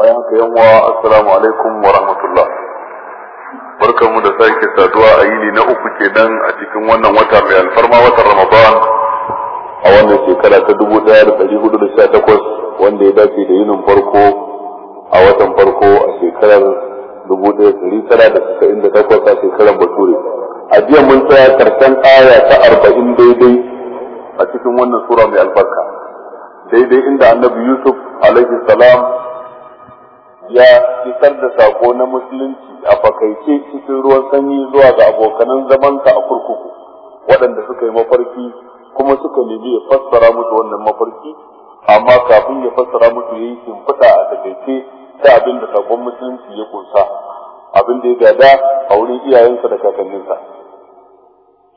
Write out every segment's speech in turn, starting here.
bayan ka yanwa assalamu alaikum wa rahmatullah barkamu da sake saduwa a yini na uku kenan a cikin wannan wata mai alfarma watan ramadan a wannan shekara ta dubu ɗaya da ɗari hudu da sha takwas wanda ya dace da yinin farko a watan farko a shekarar dubu ɗaya ɗari tara da casa'in da takwas a shekarar bature a jiya mun tsaya karshen aya ta arba'in daidai a cikin wannan sura mai albarka daidai inda annabi yusuf alaihi salam ya fitar da sako na musulunci a fakaice cikin ruwan sanyi zuwa ga abokanan zamanka a kurkuku waɗanda suka yi mafarki kuma suka nemi ya fassara musu wannan mafarki amma kafin ya fassara musu ya yi shimfiɗa a takaice ta abin da sakon musulunci ya kunsa abin da ya gada a wurin iyayensa da kakanninsa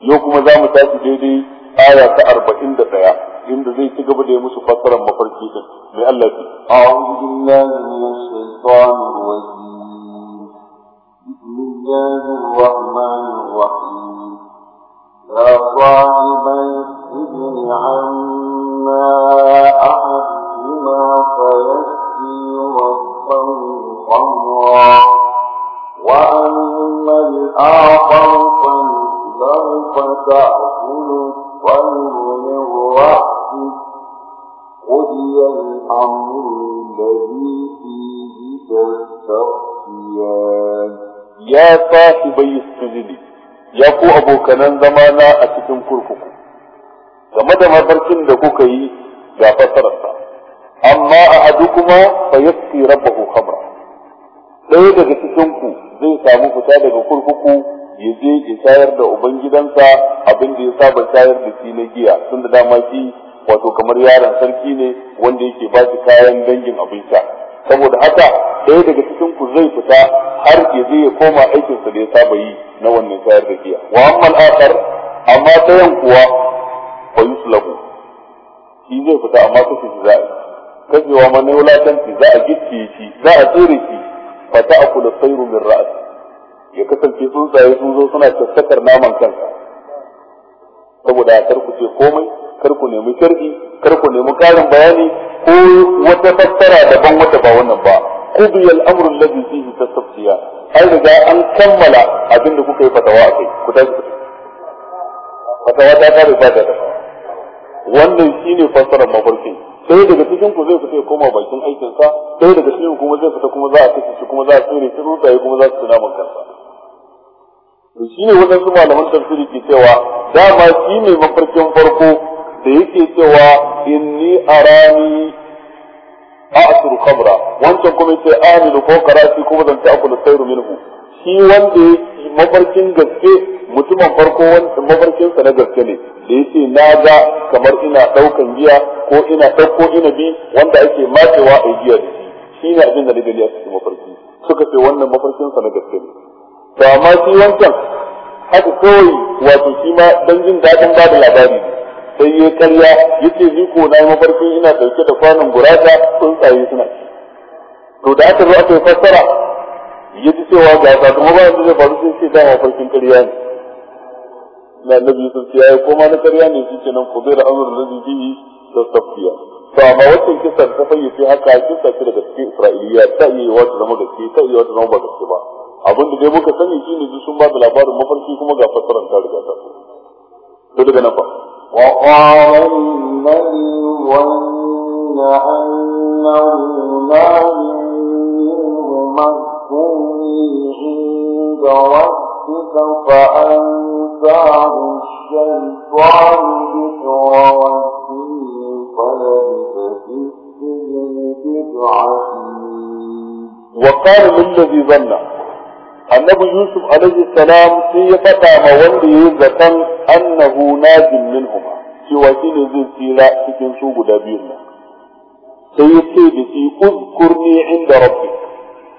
yau kuma za mu tashi daidai aya ta arba'in da ɗaya inda zai ci gaba da musu fassarar mafarki din mai Allah ki a'udhu billahi minash shaitanir rajim bismillahir rahmanir rahim يا صاحب السجن عما أحدهما فيسقي ربه خمرا وأما الآخر فيسلم فتأكل الطير من رأسه Ya الأمر الذي فيه su يا ya السجن يا كو أبو كنان زمانا أتكم game da mafarkin da kuka yi ga fasararsa amma a hadu kuma fa yasqi rabbahu khamra ɗaya daga cikinku zai samu fita daga kurkuku ya je ya shayar da ubangidansa abin da ya saba shayar da shi na giya sun da damaki wato kamar yaron sarki ne wanda yake ba shi kayan dangin abin sha saboda haka ɗaya daga cikin ku zai fita har ke zai ya koma aikin sa da ya saba yi na wannan shayar da giya wa amma al'akar amma ɗayan kuwa fa yuslahu shi zai fita amma kashe shi za a yi kashewa ma na wulatanci za a gicce shi za a tsere shi fa ta'kulu sayru min ra'si ya kasance tsuntsaye sun zo suna tattakar naman kansa saboda a ce komai kar ku nemi shar'i kar ku nemi ƙarin bayani ko wata fassara daban wata ba wannan ba qudiya al-amru alladhi fihi tastaftiya ai riga an kammala abinda kuka yi fatawa a kai ku tashi fatawa ta kare ba da wannan shine fassarar mafarkin sai daga cikin ku zai fita ya koma bakin aikinsa, sai daga cikin kuma zai fita kuma za a kashe shi kuma za a tsire shi rutaye kuma za su tuna man kansa to shine wadansu malaman tafsiri ke cewa dama shine mafarkin farko da yake cewa inni arani a asiru kamra wancan kuma yace ko fawqarati kuma zan akula sairu minhu shi wanda mafarkin gaske mutumin farko wanda mafarkin sa na gaske ne da yake na ga kamar ina daukan giya ko ina dauko bi wanda ake matewa a giya da shi ne abin da na gani a cikin mafarki suka ce wannan mafarkin sa na gaske ne to amma shi wancan haka kawai wato shi ma dan jin dadin ba da labari sai ya karya ya ni ko na mafarkin ina dauke da kwanan gurata tsuntsaye suna to da aka zo aka yi fassara ya ji cewa ga sakamakon da zai faru sai ce dama mafarkin karya ne na annabi sun ya yi koma na karya ne shi kenan ku zai da amurin da zai da safiya to amma wancan kisan ta fayyace haka kisa ce daga cikin isra'iliya ta iya wa ta zama gaske ta iya wa ta zama ba gaske ba abin da dai muka sani shine sun ba da labarin mafarki kuma ga fassarar ta riga ta to daga nan ba. وقال الذي ظن أنه نار منه مذكوري عند ربك فأنساه الشيطان ذكر ربه فلبث في السجن بضع وقال للذي ظن annabi yusuf alaihi salam sai ya faɗa ma wanda ya zaton annahu najin minhuma cewa shi ne zai tsira cikin su guda biyun nan sai ya ce da shi uzkurni inda rabbi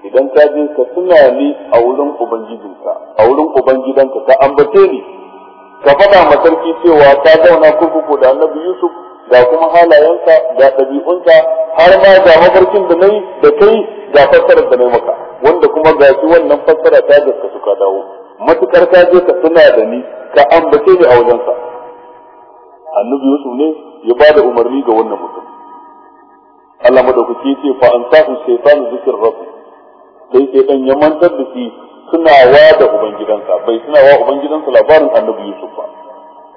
idan ka je ka tuna ni a wurin ubangijinka a wurin ubangidanka ka ambace ni ka faɗa ma sarki cewa ta zauna kurkuku da annabi yusuf ga kuma halayenka ga ɗabi'unka har ma ga mafarkin da nayi da kai ga fassarar da nayi maka wanda kuma ga shi wannan fassara ta gaskatu ka dawo matukar ka je ka tuna da ni ka ambace ni a wajensa annabi yusuf ne ya bada umarni ga wannan mutum Allah madaukaki ce fa an sahu shaytan zikr rabbi sai sai dan ya mantar da shi suna wa da ubangidansa bai suna wa ubangidansa labarin annabi yusuf ba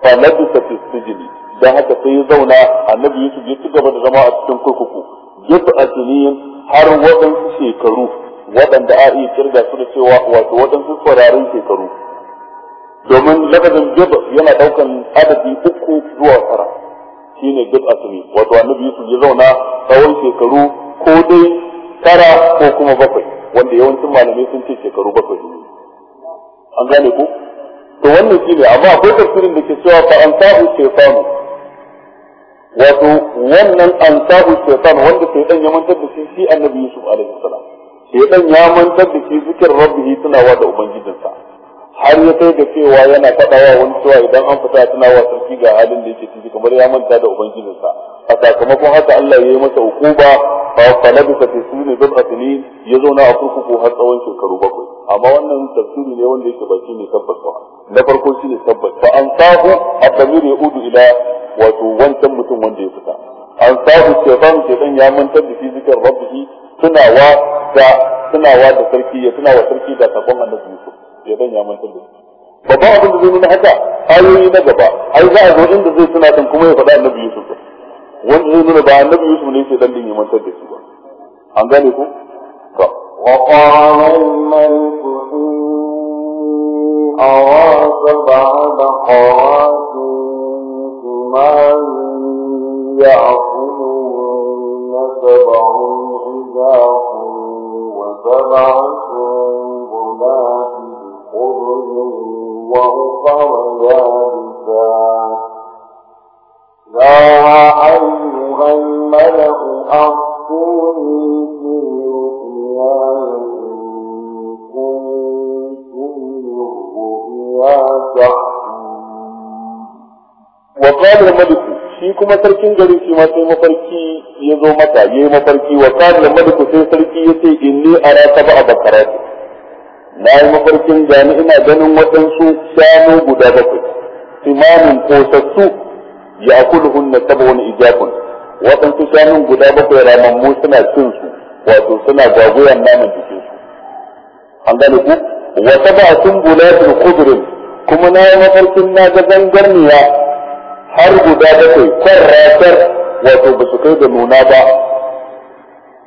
fa labisa fi sijni dan haka sai ya zauna annabi yusuf ya ci gaba da zama a cikin kurkuku yadda asinin har waɗansu shekaru waɗanda a iya kirga su da cewa wato waɗansu kwararin shekaru domin lafazin bid yana daukan adadi uku zuwa tara shine bid asmi wato annabi Yusuf ya zauna tsawon shekaru ko dai tara ko kuma bakwai wanda yawancin malamai sun ce shekaru bakwai an gane ku to wannan shine amma akwai tafsirin da ke cewa fa an sahu shaytanu wato wannan an sahu shaytan wanda dan ya mantar da shi shi annabi Yusuf alaihi salam dan ya mantar da shi zikir rabbihi tunawa da ubangijinsa har ya kai da cewa yana faɗawa wani cewa idan an fita tana wa sarki ga halin da yake ciki kamar ya manta da ubangijinsa a sakamakon haka Allah ya yi masa hukuba fa falabisa fi suri bid asni ya zauna a kurkuku har tsawon shekaru bakwai amma wannan tafsiri ne wanda yake baki ne tabbata na farko shine tabbata fa an sahu abdamir ya udu ila wato wancan mutum wanda ya fita an sahu shaytan shaytan ya mantar da shi zikr rabbihi tunawa da tunawa da sarki ya tunawa sarki da sabon annabi shedan ya mantar da abin da zai nuna haka ayoyi na gaba ai za a zo inda zai tuna kan kuma ya faɗa annabi Yusuf wanda zai nuna ba annabi Yusuf ne shedan din ya mantar da shi ba an gane ku to وقال الملك إني أرى سبع بقرات ثمان يأكلهن سبع حجاج وسبع سنبلات kuma sarkin gari shi ma sai mafarki ya zo mata yi mafarki wa kana maliku sai sarki ya yace inni ba a bakarati na yi mafarkin gani ina ganin waɗansu shanu guda bakwai imamin kosassu ya kulhun na saba wani ijafin waɗansu shanun guda bakwai ramammu suna cin su wato suna gagoyan naman jikin su an gane ku wa saba sun bulatin kudurin kuma na yi mafarkin na ga zangarniya har guda bakwai kwan ratar wato ba su kai da nuna ba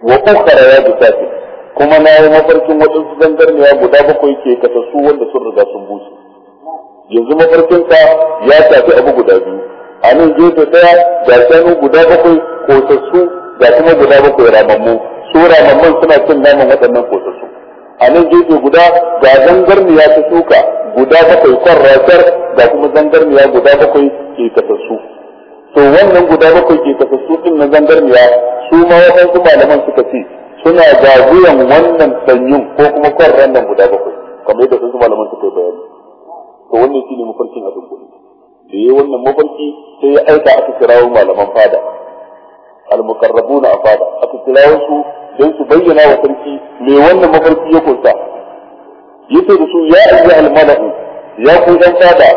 wa ukhra ya bi kuma na yi mafarkin waɗansu zangarniya guda bakwai ke kasassu wanda sun riga sun bushe yanzu ka ya tafi abu guda biyu a nan gefe ɗaya ga shanu guda bakwai kosassu ga kuma guda bakwai ramammu su ramamman suna cin naman waɗannan kosassu a nan gefe guda ga zangarniya ta shuka guda bakwai kwan rasar ga kuma zangarniya guda bakwai ke kasassu to wannan guda bakwai ke kasassu ɗin na zangarniya su ma waɗansu malaman suka ce suna jagoyan wannan sanyin ko kuma kwan rannan guda bakwai kamar yadda sun malaman suka yi bayani to wannan shine mafarkin abin gudu da yi wannan mafarki sai ya aika aka kirawo malaman fada al-muqarrabuna a fada aka kirawo su don su bayyana wa sarki me wannan mafarki ya kunsa yace da su ya ayyuhal mala'u ya ku dan fada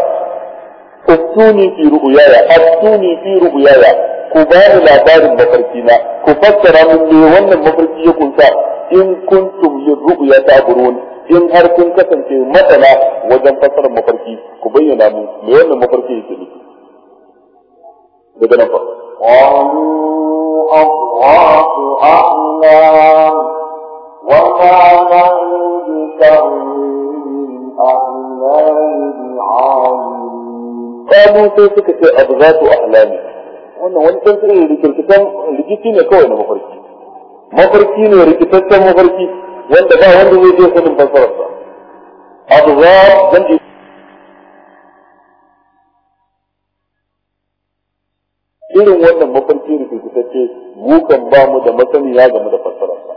Attuni fi ru'yaya, attuni fi ru'yaya, ku ba ni labarin mafarki na ku fassara min me wannan mafarki ya kunsa in kuntum ya ta'burun in har kun kasance masana wajen fassarar mafarki ku bayyana mu me wannan mafarki yake nufi daga nan fa قالوا أضغاث أحلام وما نحن بتأويل أحلام بعالم قالوا كيف كتب أضغاث أحلام wannan wani ɗan tsirin rikirkitan rikici ne kawai na mafarki mafarki ne rikitaccen mafarki wanda ba wanda zai je sanin fassararsa abu za zan irin wannan mafarki rikirkitacce mukan ba mu da ya game da fassararsa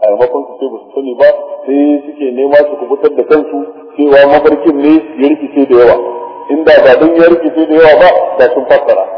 a yamakon su ce ba su sani ba sai suke nema su kubutar da kansu cewa mafarkin ne ya rikice da yawa inda da don ya rikice da yawa ba da sun fassara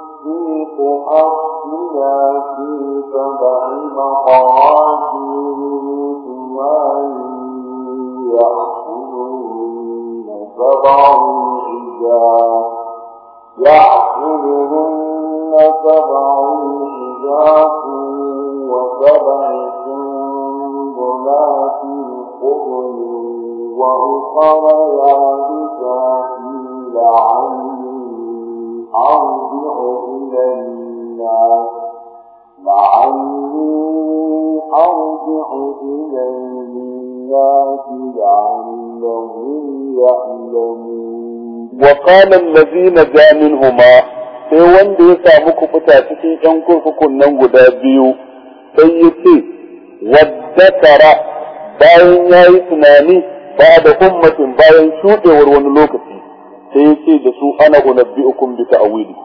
تصديق في سبع بقرات ثمان يأكلهن سبع حجاب يأكلهن سبع حجاب وسبع سنبلات خضر وأخر يابسات لعلي أرجع إلى الناس لعلي وقال الذين جاء منهما sai wanda ya samu kubuta cikin ‘yan kurkukun nan guda biyu sai ya ce, Wadda bayan ya yi tunani ba da ummatin bayan shuɗewar wani lokaci. sai ya ce da su ana unabbi'ukum bi ta'wili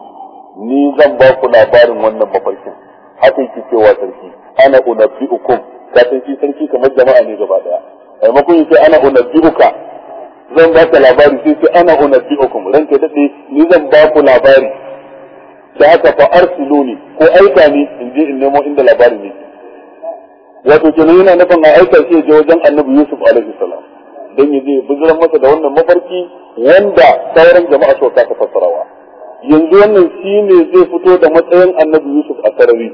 ni zan ba ku labarin wannan mafarkin haka yake cewa sarki ana unabbi'ukum ka san shi sarki kamar jama'a ne gaba daya maimakon yace ana unabbi'uka zan ba ka labari sai ce ana unabbi'ukum ranka dade ni zan ba ku labari da haka fa arsiluni ko aika ni in je in nemo inda labarin ne wato kenan yana nufin a aika shi je wajen annabi yusuf alaihi salam dan ya zai bijiran masa da wannan mafarki wanda sauran jama'a so ta fassarawa yanzu wannan shine zai fito da matsayin annabi Yusuf a sarari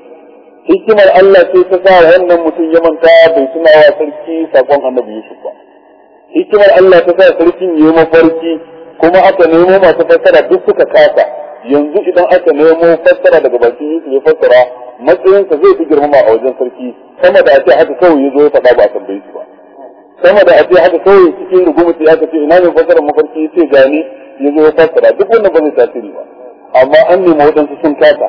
hikimar Allah sai ta sa wannan mutum ya manta bai tuna wa sarki sakon annabi Yusuf ba hikimar Allah ta sa sarkin ya mafarki kuma aka nemo masu fassara duk suka kasa yanzu idan aka nemo fassara daga bakin Yusuf ya fassara matsayinsa zai fi girmama a wajen sarki sama da ake haka kawai ya zo ya faɗa ba a bai ba sama da aje haka kawai cikin rugumu sai aka ce ina mai fasara mafarki ya ce gani ya zo ya fasara duk wannan ba zai tasiri ba amma an nemi waɗansu sun kata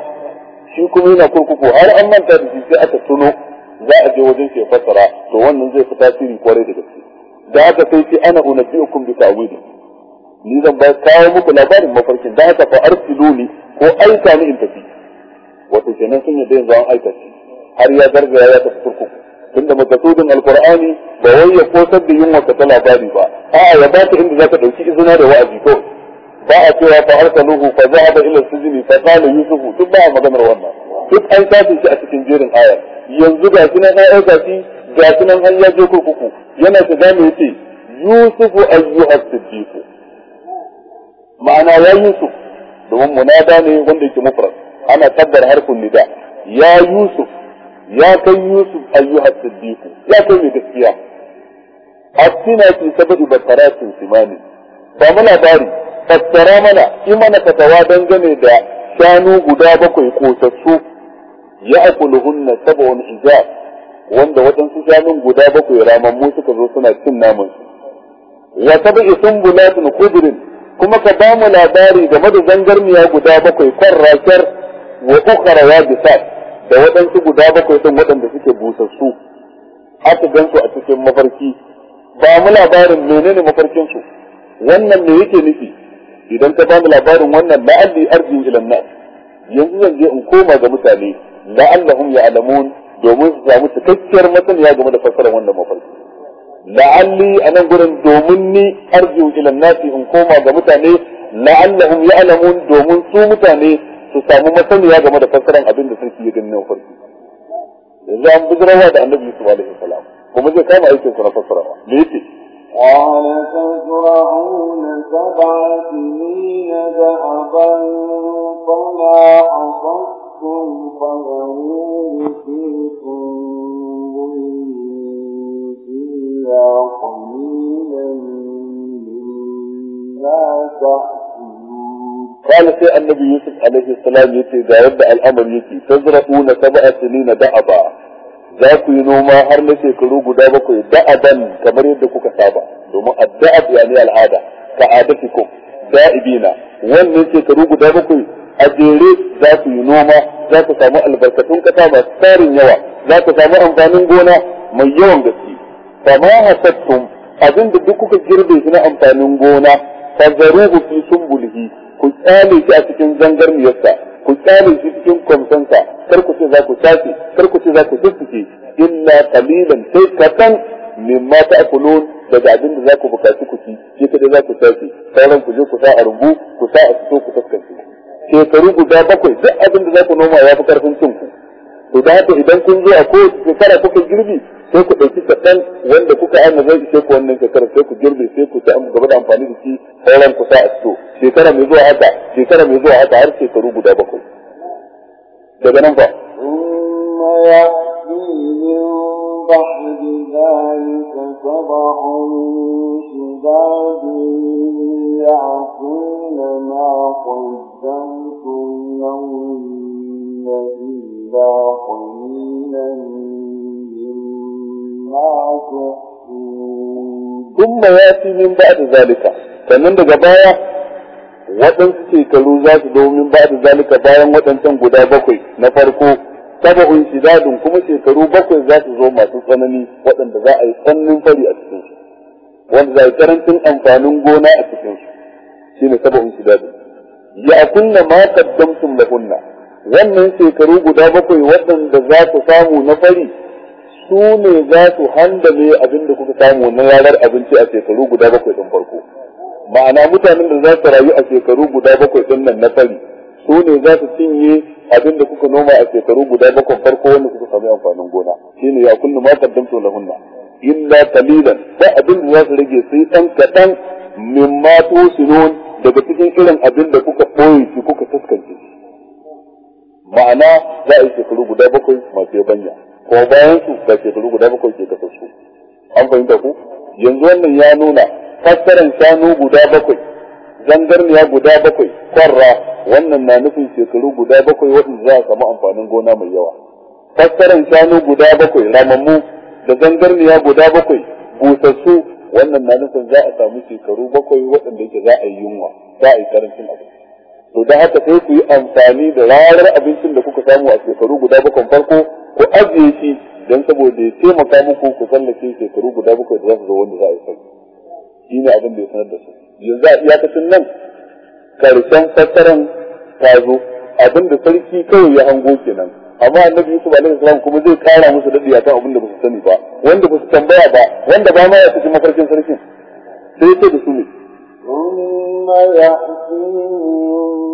shi kuma yana kurkuku har an manta da shi sai aka tuno za a je wajen ke fasara to wannan zai fi tasiri kwarai da gaske da haka sai ce ana unabbi'ukum bi ta'wili ni zan ba kawo muku labarin mafarkin da haka fa arsiluni ko aika ni in tafi wato kenan sun yadda yanzu an aika shi har ya gargaya ya tafi kurkuku tunda makasudin alkur'ani ba wai ya kosar da yunwa ka ta labari ba a'a ya ba ta inda zaka dauki izina da wa'azi ko ba a cewa fa arsaluhu fa zahaba ila sijni fa qala yusufu duk ba maganar wannan duk an tafi shi a cikin jerin ayar yanzu ga shi nan ayar ga shi ga shi nan an yaje kurkuku yana shiga me yace yusufu ayyuha siddiq ma'ana ya yusuf domin munada ne wanda yake mufrad ana tabbar harfin nida ya yusuf ya kai Yusuf ayyuha siddiq ya kai mai gaskiya asina fi sababi bakaratin simani ba mu labari fassara mana imana fatawa dangane da shanu guda bakwai kosassu ya akuluhunna sab'un hijab wanda waɗansu shanun guda bakwai ramammu suka zo suna cin naman su wa tabi'i sumbulatin khudrin kuma ka ba mu labari game da zangarniya guda bakwai kan rakar wa ukhra da waɗansu guda bakwai ɗin waɗanda suke busassu aka gan su a cikin mafarki ba mu labarin menene mafarkin su wannan ne yake nufi idan ka ba mu labarin wannan la'alli arji ila nas yanzu zan je in koma ga mutane la'allahum ya'lamun domin su samu cikakkiyar masaniya game da fassarar wannan mafarki la'alli a nan gurin domin ni arji ila nas in koma ga mutane la'allahum ya'lamun domin su mutane su samu masaniya game da fassarar abin da sarki ya mummunan farko yanzu an bujirawa da annabi yusuf alaihi salam kuma zai kama aikinsa na fassarawa me yake قال تزرعون سبع سنين ذهبا فما حصدتم فغير في سنبله إلا قليلا مما تحصدون قال سي النبي يوسف عليه السلام يتي دا يبدا الامر يتي تزرعون سبع سنين دعبا za ku yi noma har na shekaru guda bakwai da'aban kamar yadda kuka saba domin adda'ab ya ni al'ada ka adatikum da'ibina wannan shekaru guda bakwai a jere za ku yi noma za ku samu albarkatun kasa masu tarin yawa za ku samu amfanin gona mai yawan gaske kama hasattum abin da duk kuka girbe shi na amfanin gona fa zaruhu fi sunbulihi ku tsale shi a cikin miyarsa ku tsale shi cikin kwamfansa kar ku ce za ku tafi kar ku ce za ku tuttuke illa kalilan sai kaɗan mimma ta'kulun daga abin da za ku bukaci ku ci shi kada za ku tafi sauran ku je ku sa a rubu ku sa a fito ku taskance shekaru guda bakwai duk abin da za ku noma ya fi karfin cinku ku da haka idan kun zo a kowace shekara kuka girbi sai ku ɗauki kaɗan wanda kuka amma zai ishe ku wannan shekarar sai ku girbe sai ku ta gaba da amfani da shi sauran ku sa a sto shekara mai zuwa haka shekara mai zuwa haka har shekaru guda bakwai daga nan fa بعد ذلك سبع ما قدمتم لهن إلا Dumma ya fi min ba da zalika, sannan daga baya waɗansu shekaru za su domin ba da zalika bayan waɗancan guda bakwai na farko, saba'un shidadun kuma shekaru bakwai za su zo masu tsanani waɗanda za a yi tsannin fari a cikinsu, wanda za a yi karancin amfanin gona a cikinsu, shi ne saba'un shidadun. Ya kunna ma kaddamtum lahunna, wannan shekaru guda bakwai waɗanda za su samu na fari su ne za su handale abin da kuka samu na ranar abinci a shekaru guda bakwai ɗin farko ma'ana mutanen da za su rayu a shekaru guda bakwai ɗin nan na fari su ne za su cinye abin da kuka noma a shekaru guda bakwai farko wanda kuka sami amfanin gona shine ya kullu ma qaddamtu hunna illa kalilan ba abin da za su rage sai ɗan kadan mimma tusinun daga cikin irin abin da kuka boye shi kuka taskance ma'ana za a yi shekaru guda bakwai masu yabanya ko bayan su da shekaru guda bakwai ke tafi su an fahimta ku yanzu wannan ya nuna fassarar shanu guda bakwai zangarniya guda bakwai kwarra wannan na nufin shekaru guda bakwai waɗanda za a samu amfanin gona mai yawa fassarar shanu guda bakwai ramammu da zangarniya guda bakwai busassu wannan na nufin za a samu shekaru bakwai waɗanda yake za a yi yunwa za a yi karancin abinci to da haka sai ku yi amfani da rarar abincin da kuka samu a shekaru guda bakwai farko ku ajiye shi don saboda ya taimaka muku ku tsallake shekaru guda bakwai da za su zo wanda za a yi sai shi ne abin da ya sanar da su yanzu a iyakacin nan karshen fassaran ta zo abin da sarki kawai ya hango kenan amma annabi yusuf alaihi salam kuma zai kara musu a akan abin da ba su sani ba wanda ba su tambaya ba wanda ba ma ya fi mafarkin sarkin sai ya ce da su ne ثم يأتي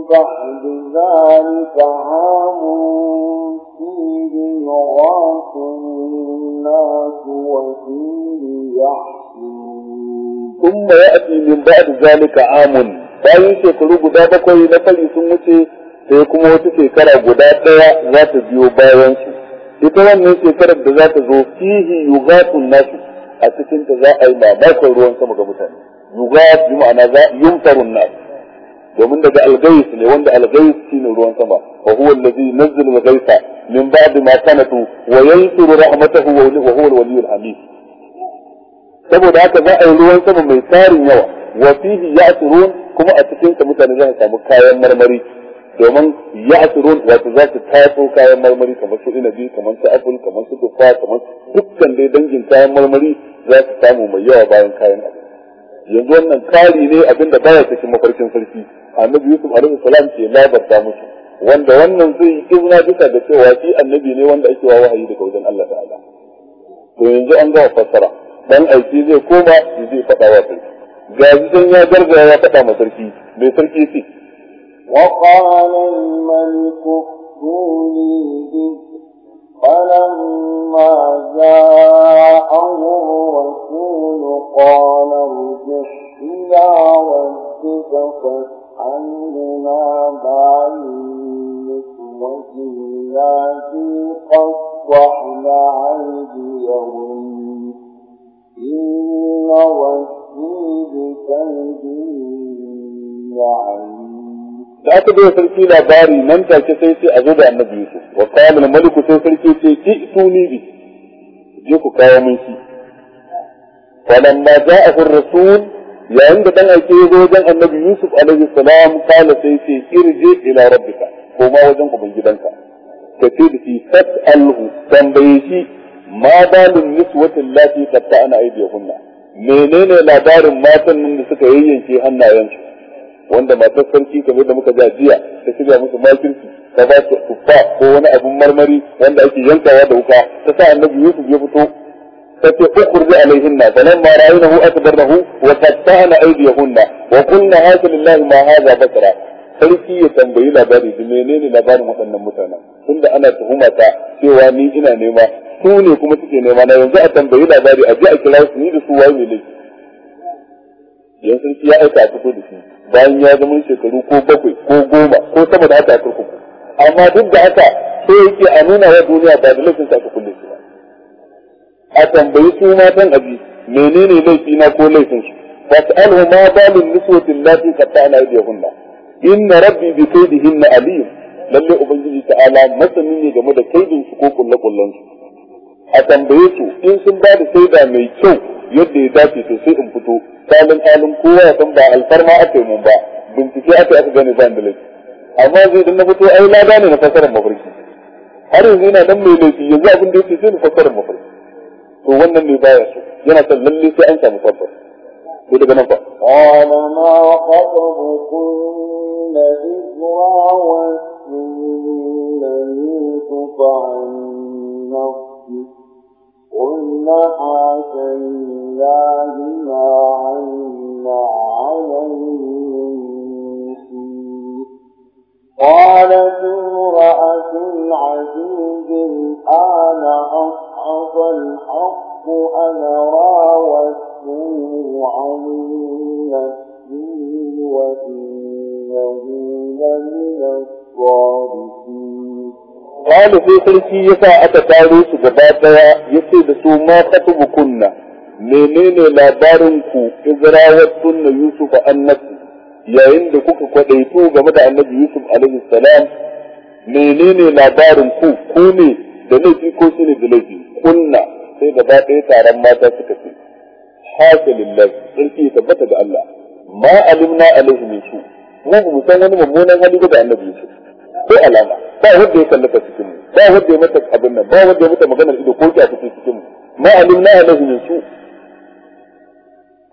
بعد ذلك عام وفيه يغاث الناس وفيه يحسن ثم يأتي من بعد ذلك عام bayan shekaru guda bakwai na fari sun wuce sai kuma wata shekara guda ɗaya za ta biyo bayan su ita wannan shekarar da za ta zo fihi yugatun nasu a cikin ta za a yi mamakon ruwan sama ga mutane yugat bi ma'ana za yumtarun nasu domin daga algais ne wanda algais shine ruwan sama wa huwa allazi nazzala al-ghaitha min ba'd ma kanatu wa yansuru rahmatahu wa huwa al-waliyyul hamid saboda haka za a yi ruwan sama mai tarin yawa wa fihi ya'turun kuma a cikin sa mutane za su samu kayan marmari domin ya'turun wato za su tatso kayan marmari kamar su inabi kamar su apple kamar su tufa kamar dukkan dai dangin kayan marmari za su samu mai yawa bayan kayan abinci yanzu wannan kari ne abinda baya cikin mafarkin sarki annabi yusuf alaihi salam ce la barka musu wanda wannan zai yi izina bisa da cewa shi annabi ne wanda ake wawa hayi daga wajen Allah ta'ala to yanzu an ga fasara dan aiki zai koma ya zai fada wa sarki ga zan ya gargaya ya fada ma sarki mai sarki ce وقال الملك ائتوني به فلما جاءه الرسول قال ارجع إلى ربك فاستغفر عندنا بعلمك وكنا في قطعنا أيديهم إن ربي بكيدهن عليم da aka bai sarki labari nan take sai sai a zo da annabi Yusuf wa qala maliku sai sarki ce ki tuni bi je ku kawo min shi falamma ja'a ar-rasul yayin da dan aike ya zo wajen annabi yusuf alaihi salam kala sai ce irje ila rabbika koma wajen ubangidanka ka ce da shi fas'alhu tambaye shi ma balun niswatin lati qatta ana aidiyahunna menene labarin matan nan da suka yayyanke hannayensu wanda matar sarki kamar da muka jiya ta shirya musu makirci ta ba su tuffa ko wani abin marmari wanda ake yankawa da wuka ta sa annabi yusuf ya fito فتي أخرج عليهن فلما رأينه أكبرنه وقطعن أيديهن وقلنا هذا لله ما هذا بشرا sarki ya tambayi labari da menene labarin waɗannan mutanen tunda ana tuhuma ta cewa ni ina nema su ne kuma suke nema na yanzu a tambayi labari a je a kira su ni da su waye ne yan sarki ya aika a fito da su bayan ya zama shekaru ko bakwai ko goma ko sama da haka a kurkuku amma duk da haka sai yake a nuna wa duniya ba da laifin sa aka kulle a tambayi su matan abi menene laifi na ko laifin su fas'alhu ma balun niswati allati ya hunna inna rabbi bi kaydihinna alim lalle ubangiji ta'ala masani ne game da kaidin su ko kulle kullen su a tambaye su in sun ba da saida mai kyau yadda ya dace to sai in fito kalin kalin kowa ya san ba alfarma aka yi mun ba bincike aka aka gane ba da laifi amma zai dan fito ai lada ne na fasarar mafarki har yanzu yana nan mai laifi yanzu abin da yake sai na fasarar mafarki to wannan ne baya so yana son lalle sai an samu tabbas ko daga nan fa qala ma qatabu kunna izra wa kunna yusufa nafsi قلنا حاش لله ما عنا عليه قالت امرأة العزيز الآن أصبحت وحق الحق أنا راوته عن نفسي وإنه لمن الصادقين قال في sarki ya sa aka taro su gaba daya ya da su ma katubu bukunna. menene labarin ku izrawattun na yusuf annabi yayin da kuka kwadaito game da annabi yusuf alaihi salam menene labarin ku ku ne da laifi ko shi ne da laifi kunna sai gaba ɗaya taron mata suka ce haka lillahi tsarki tabbata ga Allah ma alimna alaihi min su mu ba mu san wani mummunan hali da annabi Yusuf ko alama ba wanda ya kallaka cikin mu ba wanda ya mata abin nan ba wanda ya mata maganar ido ko ta cikin cikin mu ma alimna alaihi min su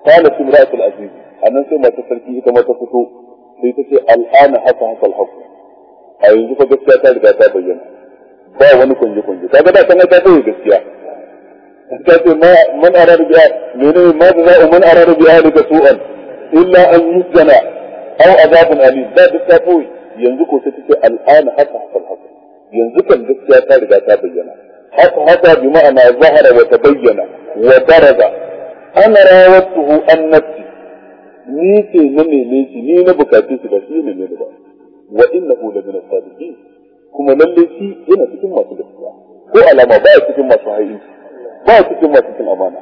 kana timratul aziz annan sai mace sarki ita ma ta fito sai ta ce al'ana haka haka al-haqq a yanzu fa gaskiya ta riga ta bayyana ba wani kunje kunje kaga da sanar ta koyi gaskiya ta ce ma man arar biya ne ma za man arar biya da su'an illa an yusjana aw azabun ali da duk ta koyi yanzu ko sai ce al'ana haka haka haka yanzu kan gaskiya ta riga ta bayyana haka haka bi ma'ana zahara wa tabayyana wa daraja an rawatuhu an nafsi ni ce na ne ne ni na bukatu shi ba shi ne ne ba wa innahu la min as-sadiqin kuma lalle shi yana cikin masu gaskiya ko alama ba ya cikin masu hayi ba ya cikin masu cin amana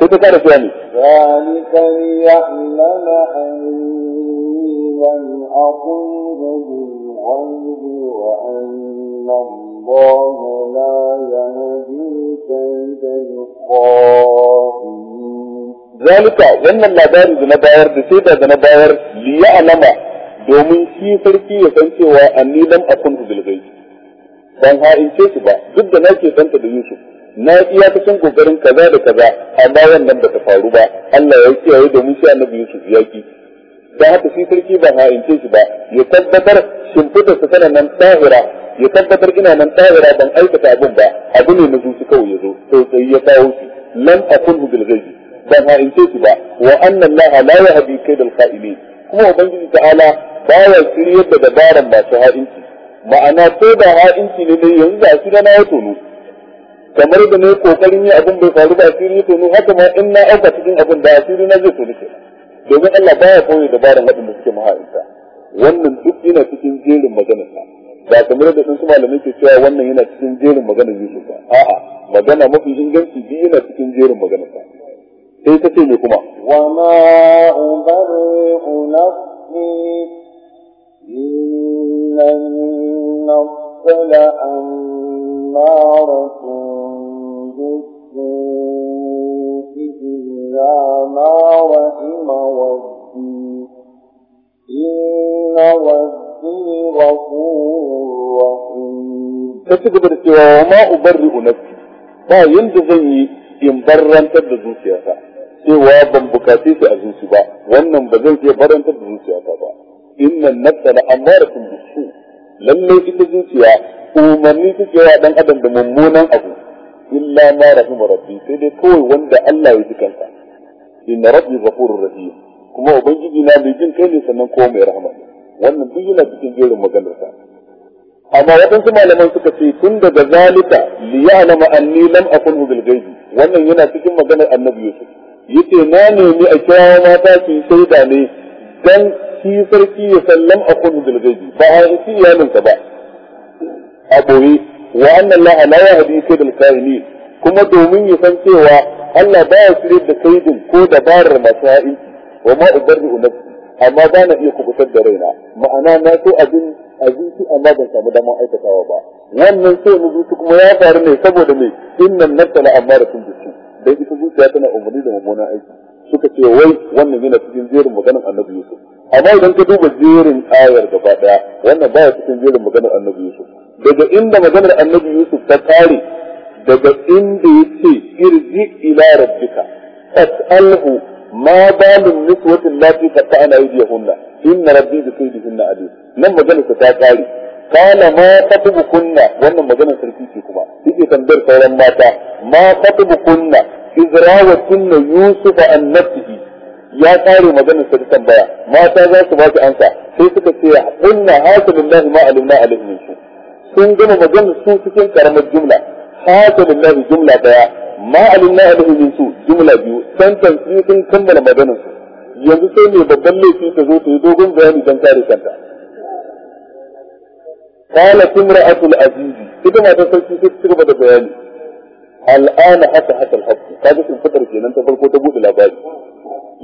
sai ta kara cewa ne ذلك ليعلم أني لم أقل بالغيب وأن الله لا يهدي كيد الخائنين ذلك wannan labari da na bayar da sai da na bayar liya alama domin shi sarki ya san cewa anni lam akun bil ghaib ban ha'ince shi ba duk da nake santa da Yusuf na iya ta cin kaza da kaza amma wannan bata faru ba Allah ya kiyaye domin shi annabi Yusuf ya ki da haka shi sarki ban ha'ince shi ba ya tabbatar shimfitar ta tana nan tahira ya tabbatar ina nan tahira ban aikata abin ba abu ne na zuci kawai ya zo sai ya kawo shi lam akun bil ghaib ban ha'ince shi ba wa anna Allah la yahdi kaidal qa'ilin kuma ubangiji ta'ala ba ya shiryar da dabaran masu ha'inci ma'ana ko da ha'inci ne dai yanzu a shirya na ya tono kamar da ne kokarin yi abin bai faru ba asiri ya tono haka ma in na auka cikin abin da asiri na zai tono kenan domin Allah baya koyi dabaran da suke maha'inta wannan duk yana cikin jerin maganar sa ba kamar da sun malamai ke cewa wannan yana cikin jerin maganar yi ba a'a magana mafi inganci bi yana cikin jerin maganar sa sai ta ce ne kuma wa ma ubarri'u إن النفس لأمارة بالسوء إلا ما رحم ربي إن ربي غفور رحيم تتجب رسوة وما أبرئ نفسي ما يندزني in barrantar da zuciyata cewa ban bukace shi a zuci ba wannan ba zan iya barrantar da zuciyata ba inna nafsa la amaratun bisu lalle ita zuciya umarni take wa dan adam da mummunan abu illa ma rahima rabbi sai dai kawai wanda Allah ya ji kansa inna rabbi ghafurur rahim kuma ubangiji na mai jin kai ne sannan ko mai rahama wannan duk yana cikin jerin maganar sa amma waɗansu malaman suka ce tun daga zalika liya'lama anni lam akunhu bil ghaibi wannan yana cikin maganar annabi Yusuf yace na nemi a kira mata su shaida ne dan shi sarki ya sallam a kullu bil ba a yi iyalinka ba a boye wa anna Allah la yahdi kaydal kaini kuma domin ya san cewa Allah ba ya shirye da kaidin ko dabarar masu ha'inci wa ma ubarru nafsi amma ba na iya kubutar da raina ma'ana na so abin a amma ban samu damar aikatawa ba wannan sai na zuci kuma ya faru ne saboda me innan nafsa la amara tun zuci dan ita zuciya tana umarni da mummunan aiki suka ce wai wannan yana cikin jerin maganar annabi Yusuf amma idan ka duba jerin ayar gaba daya wannan baya cikin jerin maganar annabi Yusuf daga inda maganar annabi Yusuf ta kare daga inda yace irji ila rabbika fas'alhu ma balun niswatin lati qata'na aydiyahunna inna rabbi bi kaydihinna alim nan maganar ta kare kana ma kunna wannan maganar sarki ce kuma yake tambayar sauran mata ma kunna izrawatunna yusuf an nafsihi ya kare maganar sa tambaya mata za su ba shi ansa sai suka ce inna hasa lillahi ma alimna alaihi min shi sun gama maganar su cikin karamar jumla hasa lillahi jumla daya ma alimna alaihi jumla biyu sun kammala su yanzu sai mai babban laifi ta zo ta yi dogon bayani don kare kanta قالت امرأة العزيز إذا ما تسلسل تكتب da bayani, الآن haka-haka الحب Ka kaga sun fitar kenan ta farko ta buɗe labari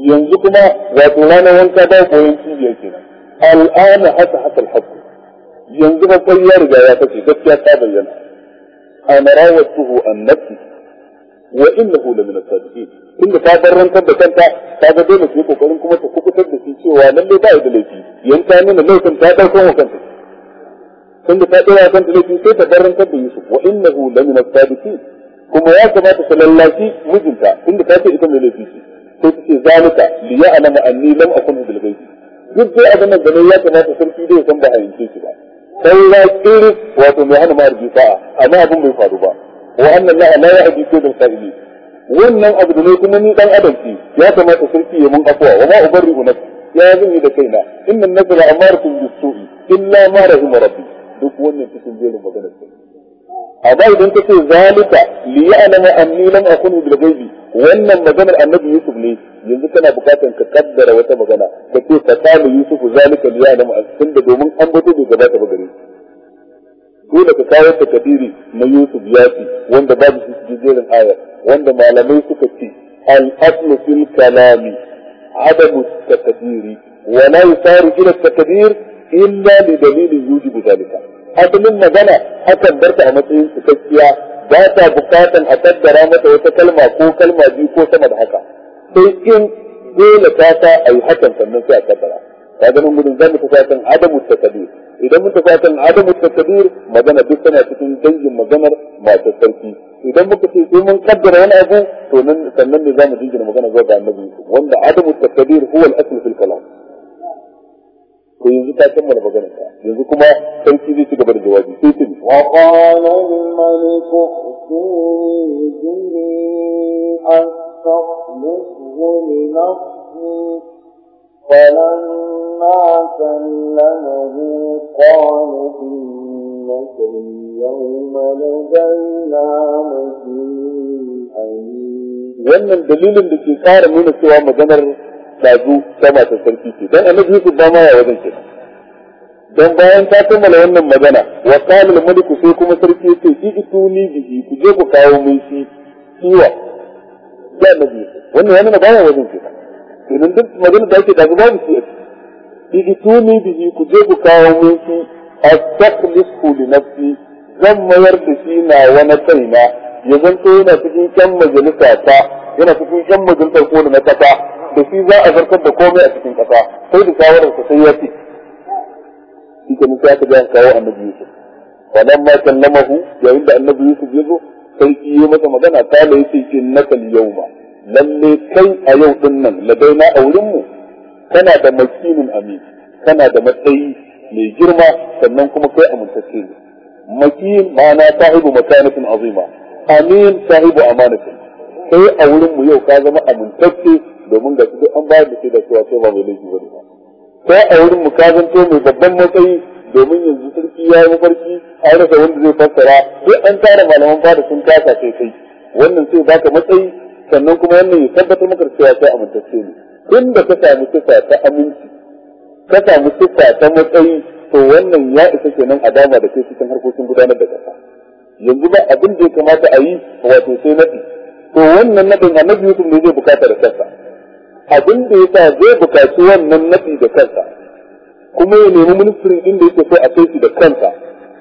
yanzu kuma wato ranar wanka ba koyon cibiyar kenan al'ana haka haka alhaku yanzu ba kai ya riga ya kace gaskiya ta bayyana ana rawatuhu an nafsi wa innahu la min as-sadiqin inda ta barrantar da kanta ta ga dole sai kokarin kuma ta kubutar da shi cewa lalle ba ya da laifi yanka nuna laifin ta dauko wa kanta tunda ta dora kanta laifi sai ta barrantar da Yusuf wa innahu la min as-sadiqin kuma ya kamata ta lallaci mijinta tunda ta ce ita mai laifi ce sai ta ce zalika li ya'lama anni lam akun bil ghaibi duk dai abin nan da ya kamata sarki dai san ba a yanke shi ba sai ya kiri wato mai hana ma'arji sa'a amma abin bai faru ba wa annan la la ya'di kaydul qa'ili wannan abu da ne kuma ni dan adam ce ya kamata sarki ya mun afwa wa ma ubarri'u nafsi ya zan yi da kaina na nazara amarukum bis-su'i illa ma rahima rabbi duk wannan cikin jerin maganar sai amma idan kace zalika li ya'lamu anni lam akunu bil ghaibi wannan maganar annabi yusuf ne yanzu kana bukatan ka kaddara wata magana kace fa kana yusuf zalika li ya'lamu an da domin an bato bai gabata ba gare dole ka kawo takadiri na yusuf yafi wanda babu su jijerin aya wanda malamai suka ce al-aslu fil kalami عدم التقدير ولا يصار الى التقدير الا لدليل يوجب ذلك asalin magana akan bar a matsayin cikakkiya ba ta bukatan a kaddara mata wata kalma ko kalma biyu ko sama da haka sai in dole ta ta a yi hakan sannan sai a kaddara ta ganin gudun za mu tafi kan adamu idan muka tafi kan adamu magana duk tana cikin dangin maganar masu sarki idan muka ce sai mun kaddara wani abu to nan sannan ne za mu jingina magana zuwa ga annabi wanda adamu takadir huwa al-asl fil kalam to yanzu ta mana maganar ta yanzu kuma sarki zai ci gaba da jawabi sai ce wa qala al-malik tuni bihi astaghfiru li nafsi فلما كلمه قال إنك اليوم لدينا مكين أمين. وأن الدليل اللي في كار من سوى مدنر dazu ta matar sarki ce dan annabi su ba ma ya wajen ce dan bayan ta kammala wannan magana wa qala al-maliku sai kuma sarki yace ijtuni bihi ku je ku kawo mun shi kiwa da nabi wannan yana na baya wajen ce idan duk magana da da ba mu ce ijtuni bihi ku je ku kawo mun shi astaqlisu li nafsi zan mayar da shi na wani kaina ya zanto yana cikin kyan majalisa ta yana cikin kyan majalisa ko na kasa da shi za a zartar da komai a cikin ƙasa sai da shawarar sa sai ya ci shi ke nufi aka jan kawo annabi Yusuf wannan ma sallamahu yayin da annabi Yusuf ya zo sai shi ya masa magana ta da na innaka yau ma. lalle kai a yau din nan ladaina a wurinmu. kana da makinin amin kana da matsayi mai girma sannan kuma kai amintacce ne makin ma'ana sahibu makanatin azima amin sahibu amanatin kai a wurin mu yau ka zama amintacce domin ga duk an bayar da shi da cewa sai ba mai laifi bane sai a wurin mu ka to mai babban matsayi domin yanzu sarki ya yi mafarki a rasa wanda zai fassara sai an tara malaman fada sun kasa sai kai wannan sai baka matsayi sannan kuma wannan ya tabbatar maka cewa sai amintacce ne tun da ka samu sifa ta aminci ka samu sifa ta matsayi to wannan ya isa kenan a dama da kai cikin harkokin gudanar da kasa yanzu ba abin da ya kamata a yi wato sai nafi to wannan nafin annabi Yusuf ne zai bukata da kansa abin da yasa zai bukaci wannan nafi da kanta, kuma ya nemi ministry din da yake so a kai shi da kanta,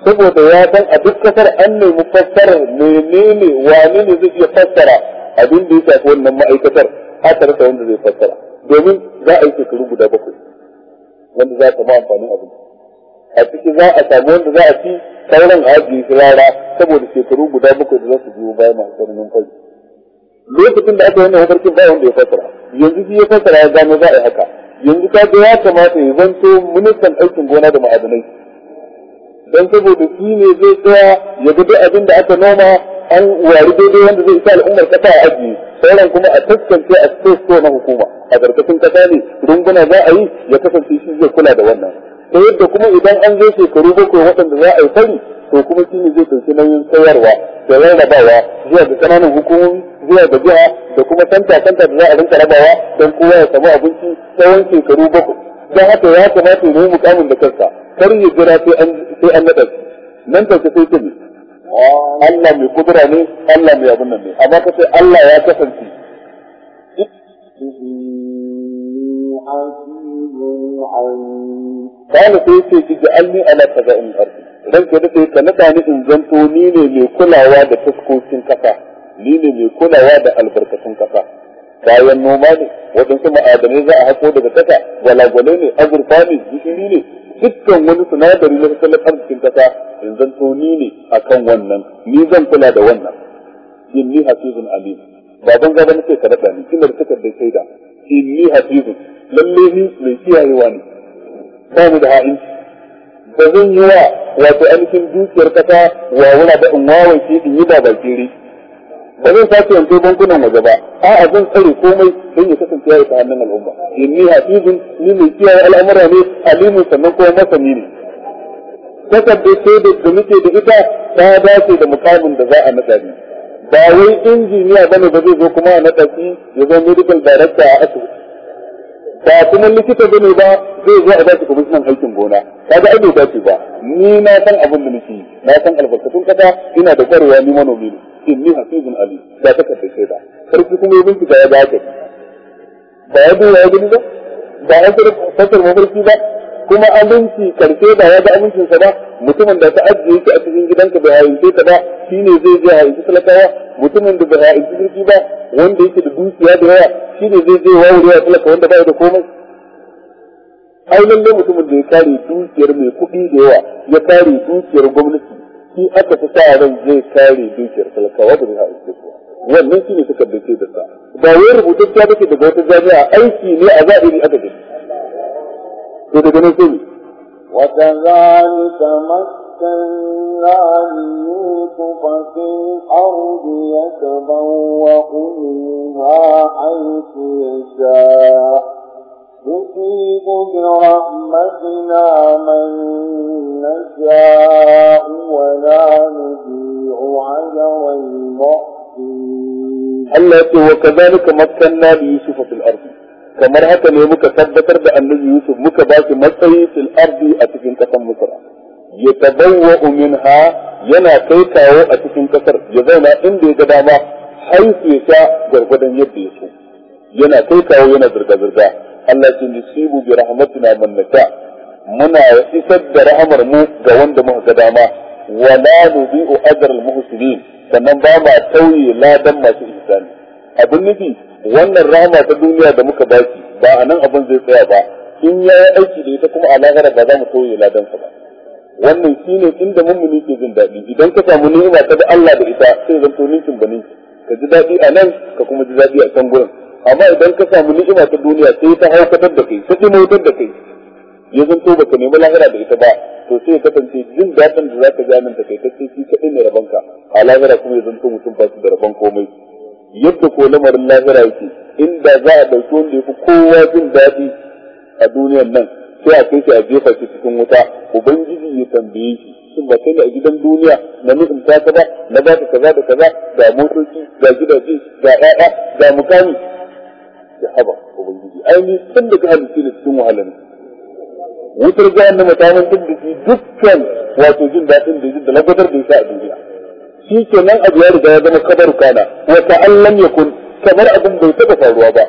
saboda ya san a duk kasar an nemi fassarar menene wane ne zai iya fassara abin da ya shafi wannan ma'aikatar a tare da wanda zai fassara domin za a yi shekaru guda bakwai wanda za ta ma amfanin abin a ciki za a samu wanda za a ci sauran ajiye shi rara saboda shekaru guda bakwai da za su biyo bayan masu sarmin fari lokacin da aka yi wannan mafarkin ba wanda ya fassara yanzu shi ya fassara ya gano za a yi haka yanzu ka ga ya kamata ya zanto ministan aikin gona da ma'adanai don saboda shi ne zai tsaya ya ga duk abin da aka noma an wari daidai wanda zai isa al'ummar kasa a ajiye sauran kuma a taskance a state na hukuma a karkashin kasa ne runguna za a yi ya kasance shi zai kula da wannan ta yadda kuma idan an zo shekaru bakwai waɗanda za a yi fari to kuma shi ne zai ɗauki nauyin sayarwa da rarrabawa zuwa ga ƙananan hukumomi zuwa da da kuma santa santa da za a rinka rabawa don kowa ya samu abinci tsawon shekaru bakwai don haka ya kamata ya yi mukamin da kansa kar ya jira sai an naɗa nan take sai ta ne Allah mai kudura ne, Allah mai abin nan ne, amma ka sai Allah ya kasance. Kala sai ce ki ji alni ala kaza in arzi, ran ka da sai ka nada ni in zanto ni ne mai kulawa da fuskokin kasa. ni ne mai kulawa da albarkatun kasa kayan noma ne waɗansu ma'adanai za a hako daga kasa gwalagwalai ne azurfa ne gishiri ne dukkan wani sinadari na tattalin arzikin kasa in zanto ni ne akan wannan ni zan kula da wannan inni hafizun alim baban gaba nake ka daɗa ni kina da takardar shaida inni hafizun lalle ni mai kiyayewa ne ba mu da ha'inci ba zan yi wa wato alifin dukiyar kasa wa wuna da in wawanci in yi da bakiri ba zan sake yanzu bankunan waje ba a zan tsare komai don ya kasance ya isa hannun al'umma inni hafizun ni mai kiyaye al'amura ne alimun sannan kuma masani ne takarda sai da da muke da ita ta dace da mukamin da za a naɗa ba wai injiniya bane ba zai zo kuma a naɗa shi ya zo medical director a asibiti ba kuma likita bane ba zai zo a ba shi kwamishinan aikin gona ga ai bai dace ba ni na san abin da nake na san albarkatun kasa ina da kwarewa ni manomi ne inni hafizun ali da ta kafa ba sarki kuma ya bincika ya ga ba ya duba ya gani ba ba ya kira fasar mafarki ba kuma abinci karshe ba ya ga abincinsa ba mutumin da ta ajiye shi a cikin gidanka bai hayyace ta ba shine zai je hayyace talakawa mutumin da bai hayyace sarki ba wanda yake da dukiya da yawa shine zai je wawure ya talaka wanda bai da komai ai lallai mutumin da ya kare dukiyar mai kuɗi da yawa ya kare dukiyar gwamnati shi aka fi sa ran zai kare dukiyar talakawa da riha isbikuwa wannan shi ne suka dace da sa ba wai rubutacciya take daga wata jami'a aiki ne a zaɓiri aka gani to daga nan sai وكذلك مكنا ليوسف في الأرض يتبوأ منها حيث يشاء نصيب برحمتنا من نشاء ولا نضيع اجر المحسنين. التي وكذلك مكنا ليوسف في الارض. كما رأت ان يبقى تبتر بان يوسف مكباك مكي في الارض اتكن كتم مصر. يتبوأ منها ينا كيكاو اتكن كتر. يزينا اندي قدامه حيث يشاء جربدا يبيسو. ينا كيكاو وينا زرقا زرقا. Allah ce nusibu bi rahmatina man nasha muna isar da rahmar mu ga wanda muka ga dama wala nubi'u ajr al muhsinin sannan ba ma tauye ladan masu ihsani abin nufi wannan rahama ta duniya da muka baki ba a nan abin zai tsaya ba in ya yi aiki da ita kuma a lahara ba za mu tauye ladan sa ba wannan shine inda mummuni ke jin daɗi idan ka samu ni'ima ta da Allah da ita sai zanto ninkin ba ninkin ka ji daɗi a nan ka kuma ji daɗi a can gurin amma idan ka samu ni'ima ta duniya sai ta haukatar da kai ta dimautar da kai ya zanto baka nemi lahira da ita ba to sai ya kasance jin daɗin da za ka ji nan kai ta shi kaɗai ne rabanka a lahira kuma ya zanto mutum ba su da rabon komai yadda ko lamarin lahira yake inda za a ɗauki wanda ya fi kowa jin daɗi a duniyan nan sai a kai shi a jefa shi cikin wuta ubangiji ya tambaye shi shin ba kai ne a gidan duniya na nufin ta ba na ba ka kaza da kaza ga motoci ga gidaje ga ƴaƴa ga mukami da haba ubangiji ai ni tun daga halittu ne cikin wahala ne wutar jahannama ta mantar da shi dukkan wato jin daɗin da jin da lagwatar da ya a duniya shi ke nan abu ya riga ya zama kabar kana wata allan ya kun kamar abin bai taɓa faruwa ba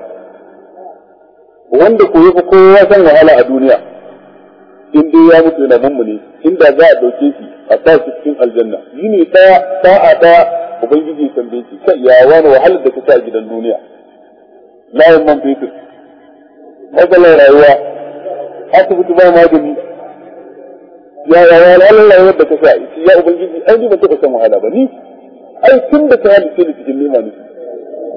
wanda ko ya fi kowa san wahala a duniya in dai ya mutu yana ne, inda za a ɗauke shi a sa shi cikin aljanna yi ne ta sa'a ta ubangiji tambaye shi kai ya wani wahalar da ka sa a gidan duniya layin man fetur matsalar rayuwa asibiti ba magani ya ya ya Allah ya da ka sa shi ya ubangiji an ba ka san wahala ba ni ai tun da ka halice ni cikin nima ne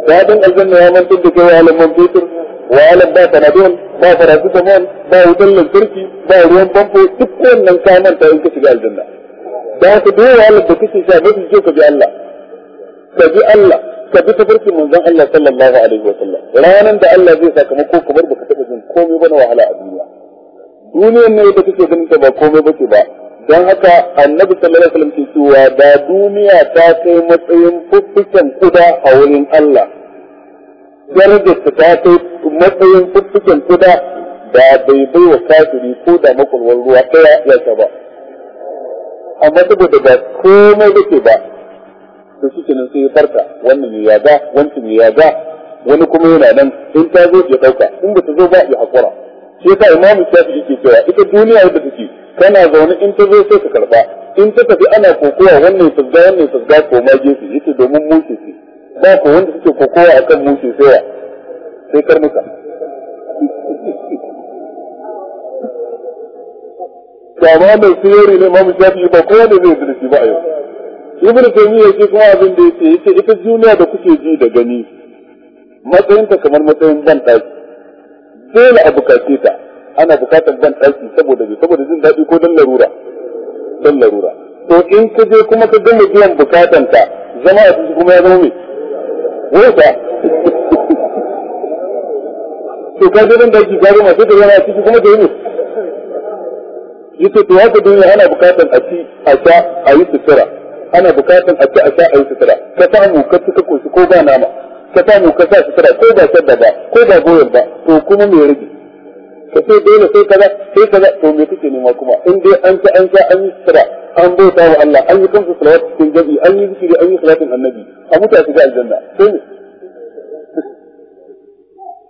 dadin aljanna ya mantar da kai wahalar man fetur wahalar ba panadol ba paracetamol ba wutar lantarki ba ruwan famfo duk wannan ka manta in ka shiga aljanna da haka duk wahalar da kake sha mafi kyau ka bi Allah ka bi Allah ka bi ta farkin manzon Allah sallallahu alaihi wa sallam ranan da Allah zai sakamako kamar baka taba jin komai ba na wahala a duniya duniyar ne da kake ganin ta ba komai bace ba don haka annabi sallallahu alaihi wa sallam ke cewa da duniya ta kai matsayin fuffuken kuda a wurin Allah darajar ta ta kai matsayin fuffuken kuda da bai bai wa kafiri ko da makulwar ruwa daya ya ba amma saboda ba komai bace ba to shi kenan sai ya farka wannan ya yaga wancan ya yaga wani kuma yana nan in ta zo ya dauka in ba ta zo ba ya hakura shi yasa imamu shafi yake cewa ita duniya yadda take kana zaune in ta zo sai ka karba in ta tafi ana kokowa wannan ya sabga wannan ya sabga ko ma gefe yake domin mushe ce ba ko wanda suke kokowa akan mushe sai sai karnuka da ma mai sirri ne mamu shafi ba kowa da zai zurfi ba a yau ibn taymiya ce kuma abin da yake yace ita duniya da kuke ji da gani matsayin ta kamar matsayin ban daki dole a bukace ta ana bukatar ban daki saboda saboda jin daɗi ko dan larura dan larura to in ka je kuma ka gama biyan bukatan ta zama a cikin kuma ya zama mai wata to ka je dan daki ka gama sai ka zama a ciki kuma ka yi mai yace to haka duniya ana bukatar a ci a sha a yi sutura ana bukatan a ci a sha a yi sutura ka samu ka ci ka koshi ko ba nama ka samu ka sa sutura ko ba shadda ba ko ba goyon ba to kuma me rage ka ce dole sai kaza sai kaza to me kake nema kuma in dai an ci an sha an yi sutura an bauta wa Allah an yi kansu salawat cikin jabi an yi zikiri an yi salatin annabi a mutane su ga aljanna sai ne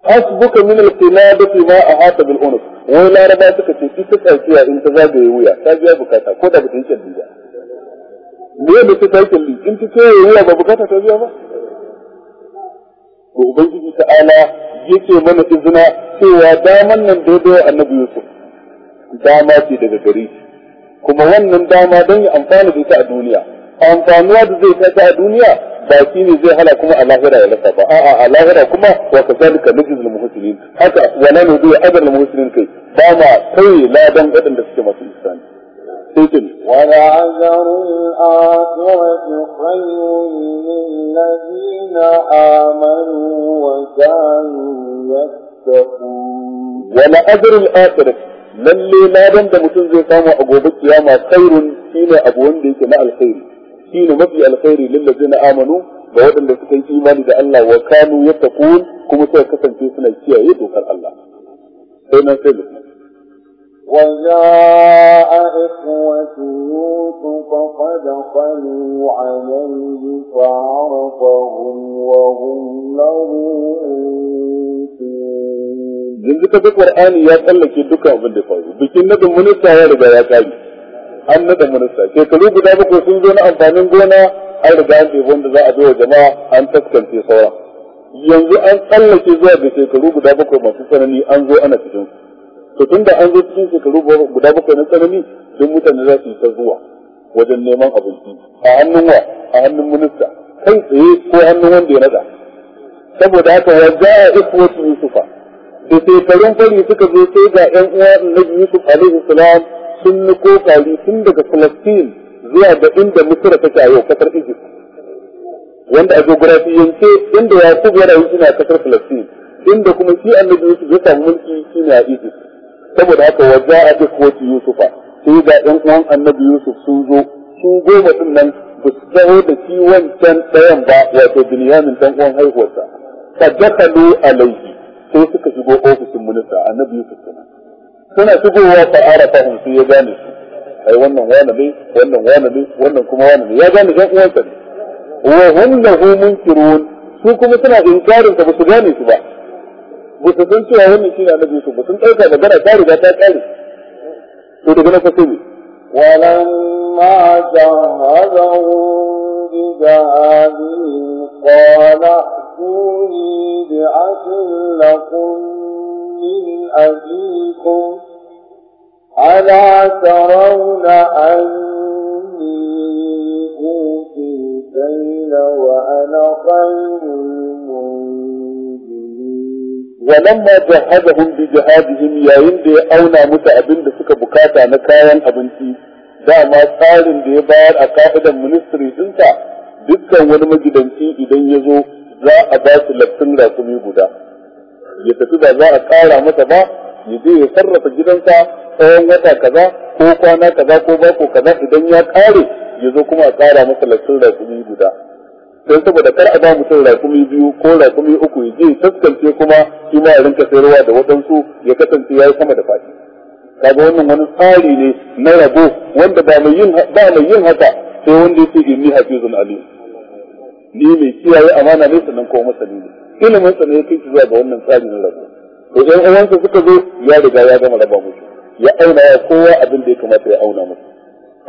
hasbuka min al-qinabati ma ahata bil Unus wai laraba suka ce ita tsakiya in ta zagaye wuya ta biya bukata ko da bata yi shaddi ba me da ta sake li in ta ce yayi ba bukata ta biya ba to ubangiji ta'ala yake mana izina cewa daman nan daidai annabi Yusuf dama ce daga gari kuma wannan dama don ya amfana da ita a duniya amfanuwa da zai tashi a duniya ba shi ne zai hala kuma a lahira ya rasa ba a'a a lahira kuma wa kazalika najzul muhsinin haka wala nudu ajrul muhsinin kai ba ma kai ladan gadan da suke masu ihsani ولعذر الآخرة خير للذين آمنوا وكانوا يتقون ولعذر الآخرة للي ما دم دم تنزل قام أبو بكي أما خير فينا أبو وندي كما الخير فينا مبي الخير للذين آمنوا بوضن لسكي إيمان إذا الله وكانوا يتقون كما سيكتن في سنة الشيء يدوك الله أين سيدنا وجاء إخوة يوسف فدخلوا عليه فعرفهم وهم له yanzu ka duk Qur'ani ya tsallake dukkan abin da faru bikin nadin minista ya riga ya kare an nada minista shekaru guda bakwai sun zo na amfanin gona an riga an ɗebi wanda za a zo wa jama'a an taskance sauran yanzu an tsallake zuwa ga shekaru guda bakwai masu tsanani an zo ana cikin su to tun da an zo cikin shekaru guda bakwai na tsanani don mutane za su yi ta zuwa wajen neman abinci a hannun wa a hannun minista kai tsaye ko hannun wanda ya nada saboda haka ya za a ikwatu yusufa da shekarun fari suka zo sai ga yan uwa annabi yusuf alaihi salam sun yi kokari tun daga falastin zuwa ga inda misira take a yau kasar egypt wanda a jogorafiyance inda ya fi yana yi suna kasar falastin inda kuma shi annabi yusuf ya samu mulki shi ne a egypt saboda haka wa za'a bi koti yusufa sai ga ɗan uwan annabi yusuf sun zo su goma din nan ba su taho da shi wancan ɗayan ba wato biniyamin ɗan uwan haihuwarsa fa dakalu alaihi sai suka shigo ofishin minista annabi yusuf suna. suna shigowa fa arafahum sai ya gane su ai wannan wani ne wannan wani ne wannan kuma wani ne ya gane ɗan uwansa ne wa hum hu munkirun su kuma suna inkarin ka ba su gane su ba ba su san cewa wannan da annabi Yusuf ba sun ɗauka magana ta riga ta ƙare to daga nan fa sai ولما جهزهم بجهازهم قال ائتوني بعشر لكم من أبيكم ألا ترون أني أوفي الكيل وأنا خير walamma jahadahum bi jihadihim yayin da ya auna musu abin da suka bukata na kayan abinci dama tsarin da ya bayar a ka'idan ministry dinta dukkan wani magidanci idan ya zo za a ba su lattin rasumi guda ya tafi ba za a ƙara masa ba ya ya sarrafa gidansa tsawon wata kaza ko kwana kaza ko bako kaza idan ya ƙare ya zo kuma a kara masa lattin rasumi guda don saboda kar a ba mutum rakumi biyu ko rakumi uku ya je taskance kuma shi ma rinka sayarwa da waɗansu ya kasance ya yi sama da fati kaga wannan wani tsari ne na rabo wanda ba mai yin ba mai yin haka sai wanda yake inni hafizun ali ni mai kiyaye amana ne sannan ko masani ne ilimin sa ne ya zuwa ga wannan tsari na rabo to ɗan uwansa suka zo ya riga ya gama raba musu ya auna ya kowa abin da ya kamata ya auna musu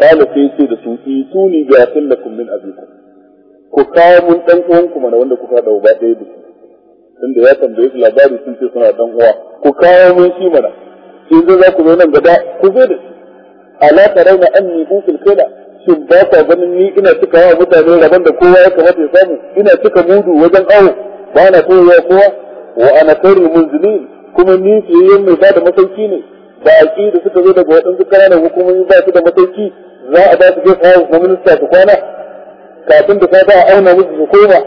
kala sai ce da su ituni bi asallakum min abikum ku kawo mun dan uwan ku mana wanda kuka da uba ɗaya da tunda ya tambaye su labari sun ce suna dan uwa ku kawo mun shi mana shi zai za ku zo nan gaba ku zo da shi ala tarawna anni ukul kala shin ba ka ganin ni ina cika wa mutane rabon da kowa ya kamata ya samu ina cika mudu wajen awo ba na ya kowa wa ana khairul munzilin kuma ni fiye mai bada masauki ne da aƙi da suka zo daga waɗansu ƙananan hukumomi ba su da masauki za a ba su je kawo minista su kwana kafin da safa a auna musu su koma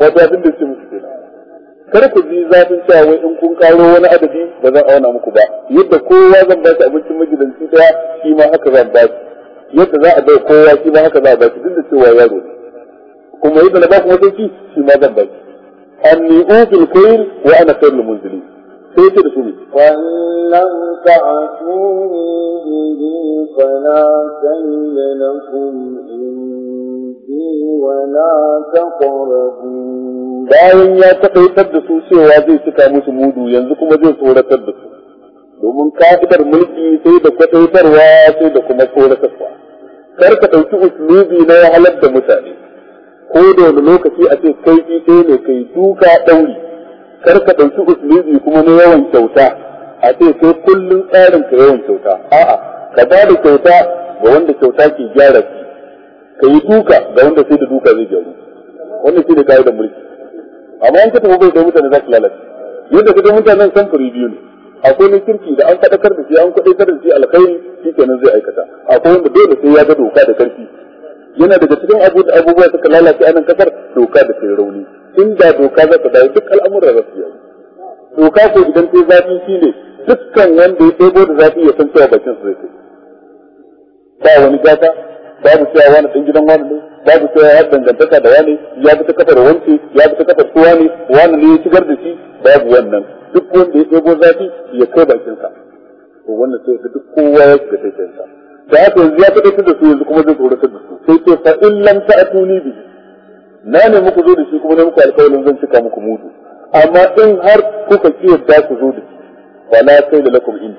wato abin da yake musu kenan kar ku ji zafin cewa wai in kun karo wani adadi ba zan auna muku ba yadda kowa zan ba shi abincin magidanci daya shi ma haka zan ba shi yadda za a bai kowa shi ma haka za a ba shi duk da cewa yaro ne kuma yadda na ba ku masauki shi ma zan ba shi anni utul khair wa ana khairul munzili sai ce da su ne wannan fa na fala sayyalakum in bayan ya taƙaitar da su cewa zai cika musu mudu yanzu kuma zai tsoratar da su domin kafitar mulki sai da kwatantarwa sai da kuma tsoratarwa kar ka ɗauki usulubi na wahalar da mutane ko da wani lokaci a ce kai ɗaya ne kai duka ɗauri kar ka ɗauki usulubi kuma na yawan kyauta a ce sai kullum tsarin ka yawan kyauta a'a ka ba da kyauta ga wanda kyauta ke gyara ki ka yi duka ga wanda sai da duka zai gyaru wannan shi ne da mulki amma an kata tafi da mutane za su lalace yadda kuma mutanen samfuri biyu ne akwai na kirki da an faɗakar da shi an kwaɗaitar da shi alkhairi shi kenan zai aikata akwai wanda dole sai ya ga doka da karfi yana daga cikin abubuwa suka lalace a nan kasar doka da yi rauni inda doka za ta dawo duk al'amuran za su yi doka ko idan sai zafi shi ne dukkan wanda ya ɗebo da zafi ya san cewa bakin su zai ba wani gata babu cewa wani ɗan gidan wani ne babu cewa ya dangantaka da wani ya bi ta kafar wanke ya bi ta kafar kowa ne wani ne ya shigar da shi babu wannan duk wanda ya ɗebo zafi ya kai sa to wannan sai ga duk kowa ya shiga sa da haka yanzu ya taɓa da su yanzu kuma zai tsoro da su sai ce fa in lam tuni bi na ne muku zo da shi kuma ne muku alƙawarin zan cika muku mudu amma in har kuka ki yadda ku zo da shi wala sai da lakum in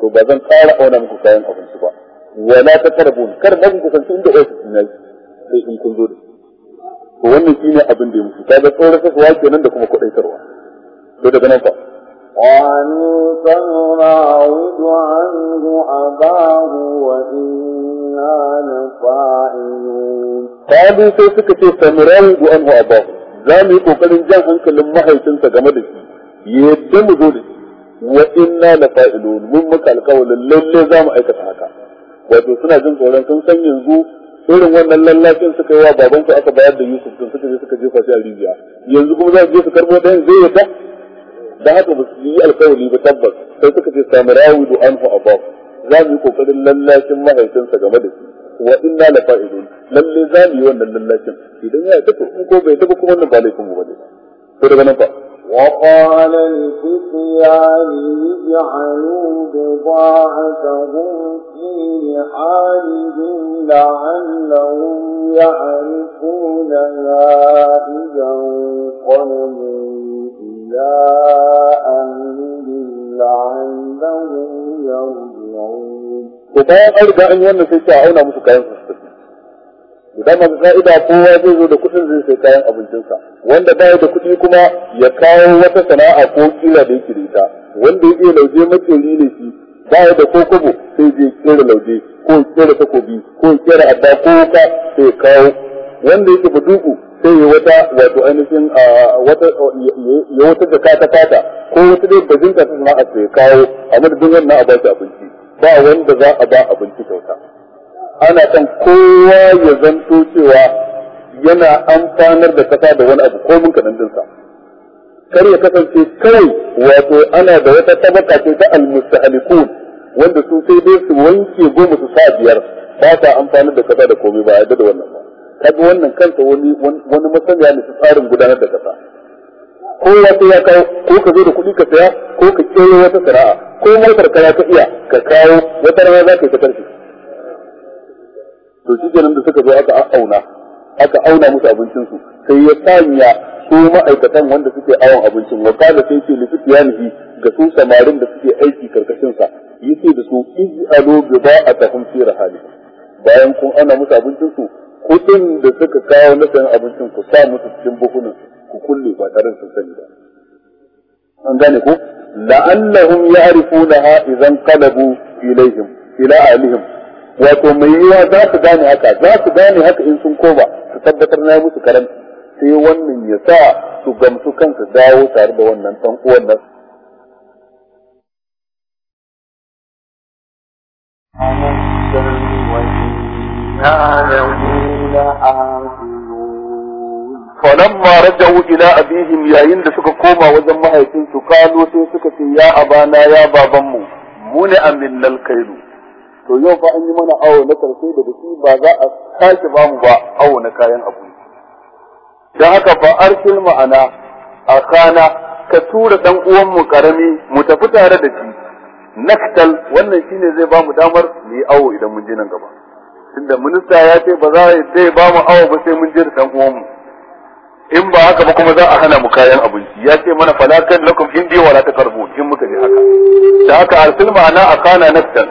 to ba zan ƙara auna muku kayan abinci ba wala ta karbun kar ba ku kusanci inda ofis ne sai in kun kunzo da ko wannan shine abin da yake kaga tsoro sai wa nan da kuma kudaitarwa to da ganin ka. an san ma audu an gu abahu wa inna na fa'ilun kadi sai suka ce samran gu an gu abahu zamu yi kokarin jan hankalin mahaifinsa game da shi yadda mu zo da shi wa inna na fa'ilun mun muka alƙawarin lalle zamu aikata haka wato suna jin tsoron sun san yanzu irin wannan lallacin suka yi wa su aka bayar da Yusuf sun suka je suka jefa shi a Libya yanzu kuma za su je su karbo dan zai ta da haka ba su yi alƙawari ba tabbas sai suka ce samarawi du anhu abab za mu yi kokarin lallacin mahaifinsa game da shi wa inna la fa'idun lalle za mu yi wannan lallacin idan ya tafi ko bai tafi kuma wannan ba laifin mu ne to daga nan fa وقال الفتيان اجعلوا بضاعتهم في رحالهم لعلهم يعرفونها إذا انقلبوا إلى أهلهم لعلهم يرجعون. وطبعا أرجع أن يمسك عونا مسكين idan masu ka'ida kowa zai zo da kuɗin zai sai kayan abincinsa wanda baya da kuɗi kuma ya kawo wata sana'a ko kila da yake da ita wanda ya iya lauje makeri ne shi baya da kokobo sai zai kera lauje ko kera takobi ko kera adda ko wuka sai ya kawo wanda yake buduku sai ya wata wato ainihin wata ya wata da kata kata ko wata dai bajinta ta sana'a sai ya kawo a duk wannan a ba shi abinci ba wanda za a ba abinci ana son kowa ya zanto cewa yana amfanar da kasa da wani abu ko mun kadan dinsa kar ya kasance kawai wato ana da wata tabaka ce ta almustahalikun wanda su sai dai su wanke goma su sa biyar ba ta amfanar da kasa da komai ba yadda da wannan ba kaga wannan kanta wani wani masaniya ne su tsarin gudanar da kasa ko wata ya kawo ko ka zo da kuɗi ka saya ko ka kewa wata sana'a ko motar ka ta iya ka kawo wata rana za ka yi ta karfi to shi da suka zo aka auna aka auna musu abincin su sai ya sanya su ma'aikatan wanda suke awon abincin wa da sai ce lifitiyanihi ga su samarin da suke aiki karkashin sa yace da su iz'alu bi ba'atahum fi rahali bayan kun ana musu abincin su kudin da suka kawo na sayan abincin ku sa musu cikin buhunan ku kulle ba tare da sani ba an gane ko la'annahum ya'rifunaha idan qalabu ilaihim ila alihim wato mai yiwa za su gane haka za su gane haka in sun koma su tabbatar na musu karanta sai wannan ya sa su gamsu kansu dawo tare da wannan ɗan uwan nasu. فلما رجعوا إلى أبيهم يا يند سكا كوما وزن ما هيتين سكالو سي سكا يا أبانا يا بابامو منع منا الكيلو to yau fa an yi mana awo na karshe da shi ba za a sake ba mu ba awo na kayan abu don haka fa arsil ma'ana a kana ka tura dan uwan mu karami mu tafi tare da shi naktal wannan shine zai ba mu damar mu yi awo idan mun je nan gaba tunda minista ya ce ba za zai ba mu awo ba sai mun je da dan uwan mu in ba haka ba kuma za a hana mu kayan abinci ya ce mana falakan lakum indi wala takarbu in muka je haka da haka arsil ma'ana a kana naktal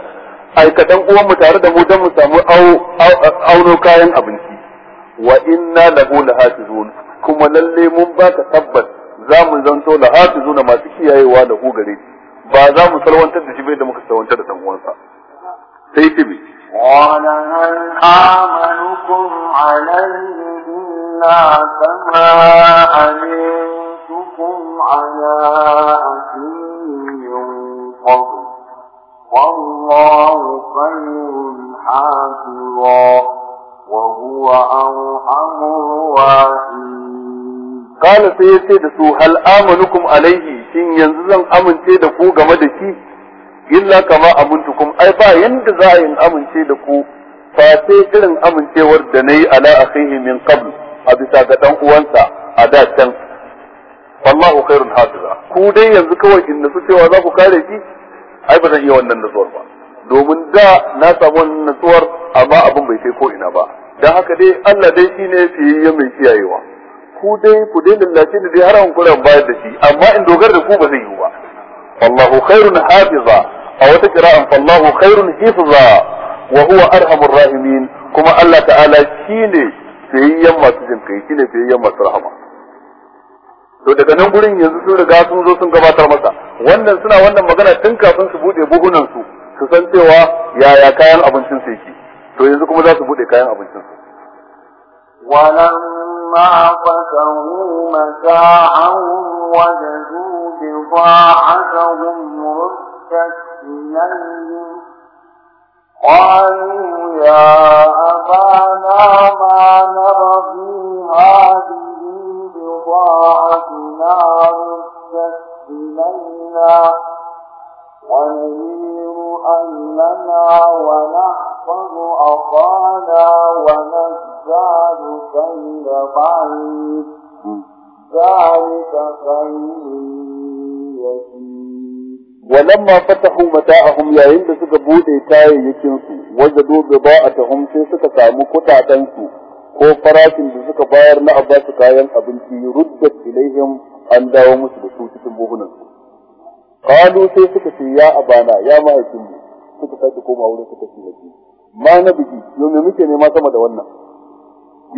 aikatan uwan mu tare da mu don mu samu auno kayan abinci wa inna lahu lahafizun kuma lalle mun baka tabbas za mu zanto lahafizun masu kiyayewa da ku gare ba za mu salwantar da shi bai da muka salwantar da dan uwansa sai tibi قال والله خير حافظا وهو أرحم الراحمين قال سيدي دسو هل آمنكم عليه shin yanzu zan amince da ku game da ki? illa kama amintukum ai ba yanda za a yi amince da ku fa sai irin amincewar da nayi ala akhihi min qabl a bisa ga dan uwansa a da can wallahu khairun hafiza ku dai yanzu kawai in nasu cewa za ku kare ki? ai ba zan iya wannan nutsuwar ba domin da na samu wannan natsuwar amma abin bai kai ko ina ba dan haka dai Allah dai shine fiyayye mai kiyayewa ku dai ku dai lallace da dai har an bayar da shi amma in dogara da ku ba zai yi ba wallahu khairun hafiza a wata kira'an wallahu khairun hifza wa huwa arhamur rahimin kuma Allah ta'ala shine fiyayyen masu jin kai shine fiyayyen masu rahama to daga nan gurin yanzu sun riga sun zo sun gabatar masa wannan suna wannan magana tun kafin su bude buhunan su su san cewa yaya kayan abincin su yake to yanzu kuma za su bude kayan abincin su ولما فتحوا متاعهم وجدوا بضاعتهم ردت إليهم قالوا يا أبانا ما هذه النار اشتد إلينا ونريد أهلنا ونحفظ أخانا ونزداد كيل بعيد ذلك خير ولما فتحوا متاعهم yayin da suka bude kayayyakin su wajadu bida'atuhum sai suka samu kudaden su ko farashin da suka bayar na abasu kayan abinci ruddat ilaihim an dawo musu da su cikin buhunan su qalu sai suka ce ya abana ya mahaifin mu suka sake koma wurin suka ce da ma na biki yau me muke nema sama da wannan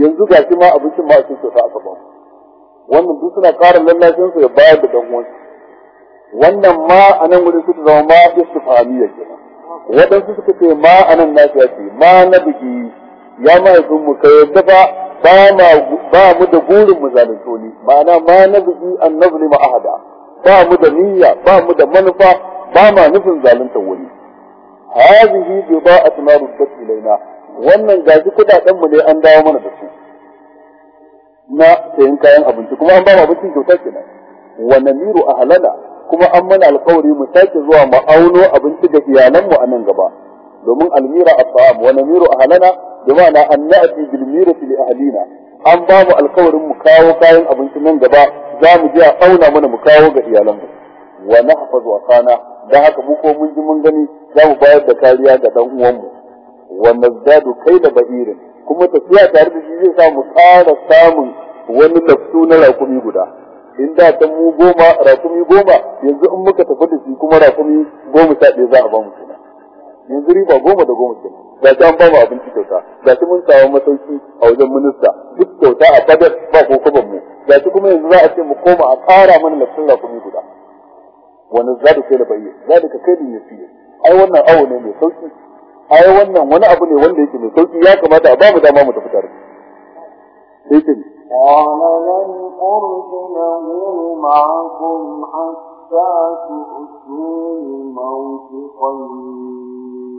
yanzu ga shi ma abincin ma sun kyauta aka ba wannan duk suna ƙara lallashin su ya bayar da dan uwansu wannan ma a nan wurin suka zama ma istifhamiyya kenan waɗansu suka ce ma anan nan lafiya ce ma na biki ya mahaifin mu ka yadda fa ba mu da burin mu zalunto ne ma'ana ma na nabi an nazlima ahada ba mu da niyya ba mu da manufa ba ma nufin zalunta wani hadhihi bida'atu ma ruddat ilaina wannan gaji kudaden mu ne an dawo mana da su na sayan kayan abinci kuma an ba mu abincin kyauta kenan wa namiru ahlana kuma an mana alƙawari mu sake zuwa mu auno abinci ga iyalan mu a nan gaba domin almira as-sa'ab wa namiru ahlana بمعنى أن نأتي بالميرة لأهلينا an ba mu alkawarin mu kawo kayan abinci nan gaba za mu je a auna mana mu kawo ga iyalanmu wa nahfazu asana dan haka mu ko mun ji mun gani za mu bayar da kariya ga dan uwanmu wa nazdadu da ba'irin kuma tafiya tare da shi zai sa mu ƙara samun wani lafsu na rakumi guda in da ta mu goma rakumi goma yanzu in muka tafi da shi kuma rakumi goma sha ɗaya za a ba mu kenan yanzu riba goma da goma kenan ga ta an bamu abinci kyauta ga ta mun samu masauki a wajen minista duk kyauta a fadar ba ko kuban mu ga ta kuma yanzu za a ce mu koma a ƙara mana lafiyar rakumi guda wani za da kai da bayyana za da ka kai da yasiya ai wannan awo ne mai sauki ai wannan wani abu ne wanda yake mai sauki ya kamata a bamu dama mu tafi tare sai ce قال لن أرسله معكم حتى تؤتوني موثقا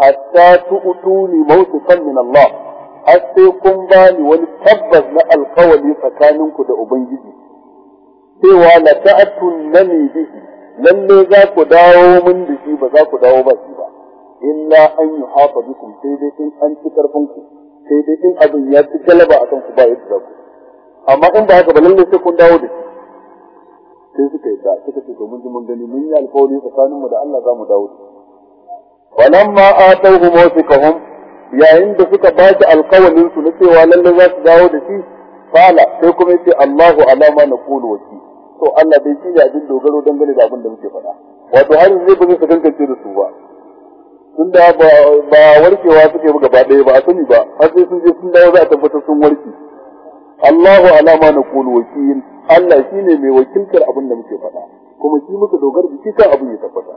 hatta tu'tuni mawtiqan min Allah har sai kun bani wani tabbas na alkawali tsakaninku da ubangiji cewa la bi bihi lalle za ku dawo mun da shi ba za ku dawo ba shi ba illa an yuhafa bikum sai dai in an ci karfin ku sai dai in abin ya ci galaba akan ku ba yadda za ku amma in ba haka ba lalle sai kun dawo da shi sai suka yi da suka ce domin mun gani mun yi alkawari tsakaninmu da Allah za mu dawo da shi walamma atawhu mawsikahum yayin da suka ba shi su na cewa lalle za su dawo da shi fala sai kuma yace Allahu alama na qulu wa to Allah bai shi abin dogaro dangane abin da muke faɗa wato har yanzu ba su kankance da su ba tunda da ba warkewa suke ba gaba ɗaya ba a sani ba har sai sun je sun dawo za a tabbatar sun warke Allahu alama na qulu wa Allah shine mai wakiltar abin da muke faɗa kuma shi muka dogara da shi kan abin ya tabbata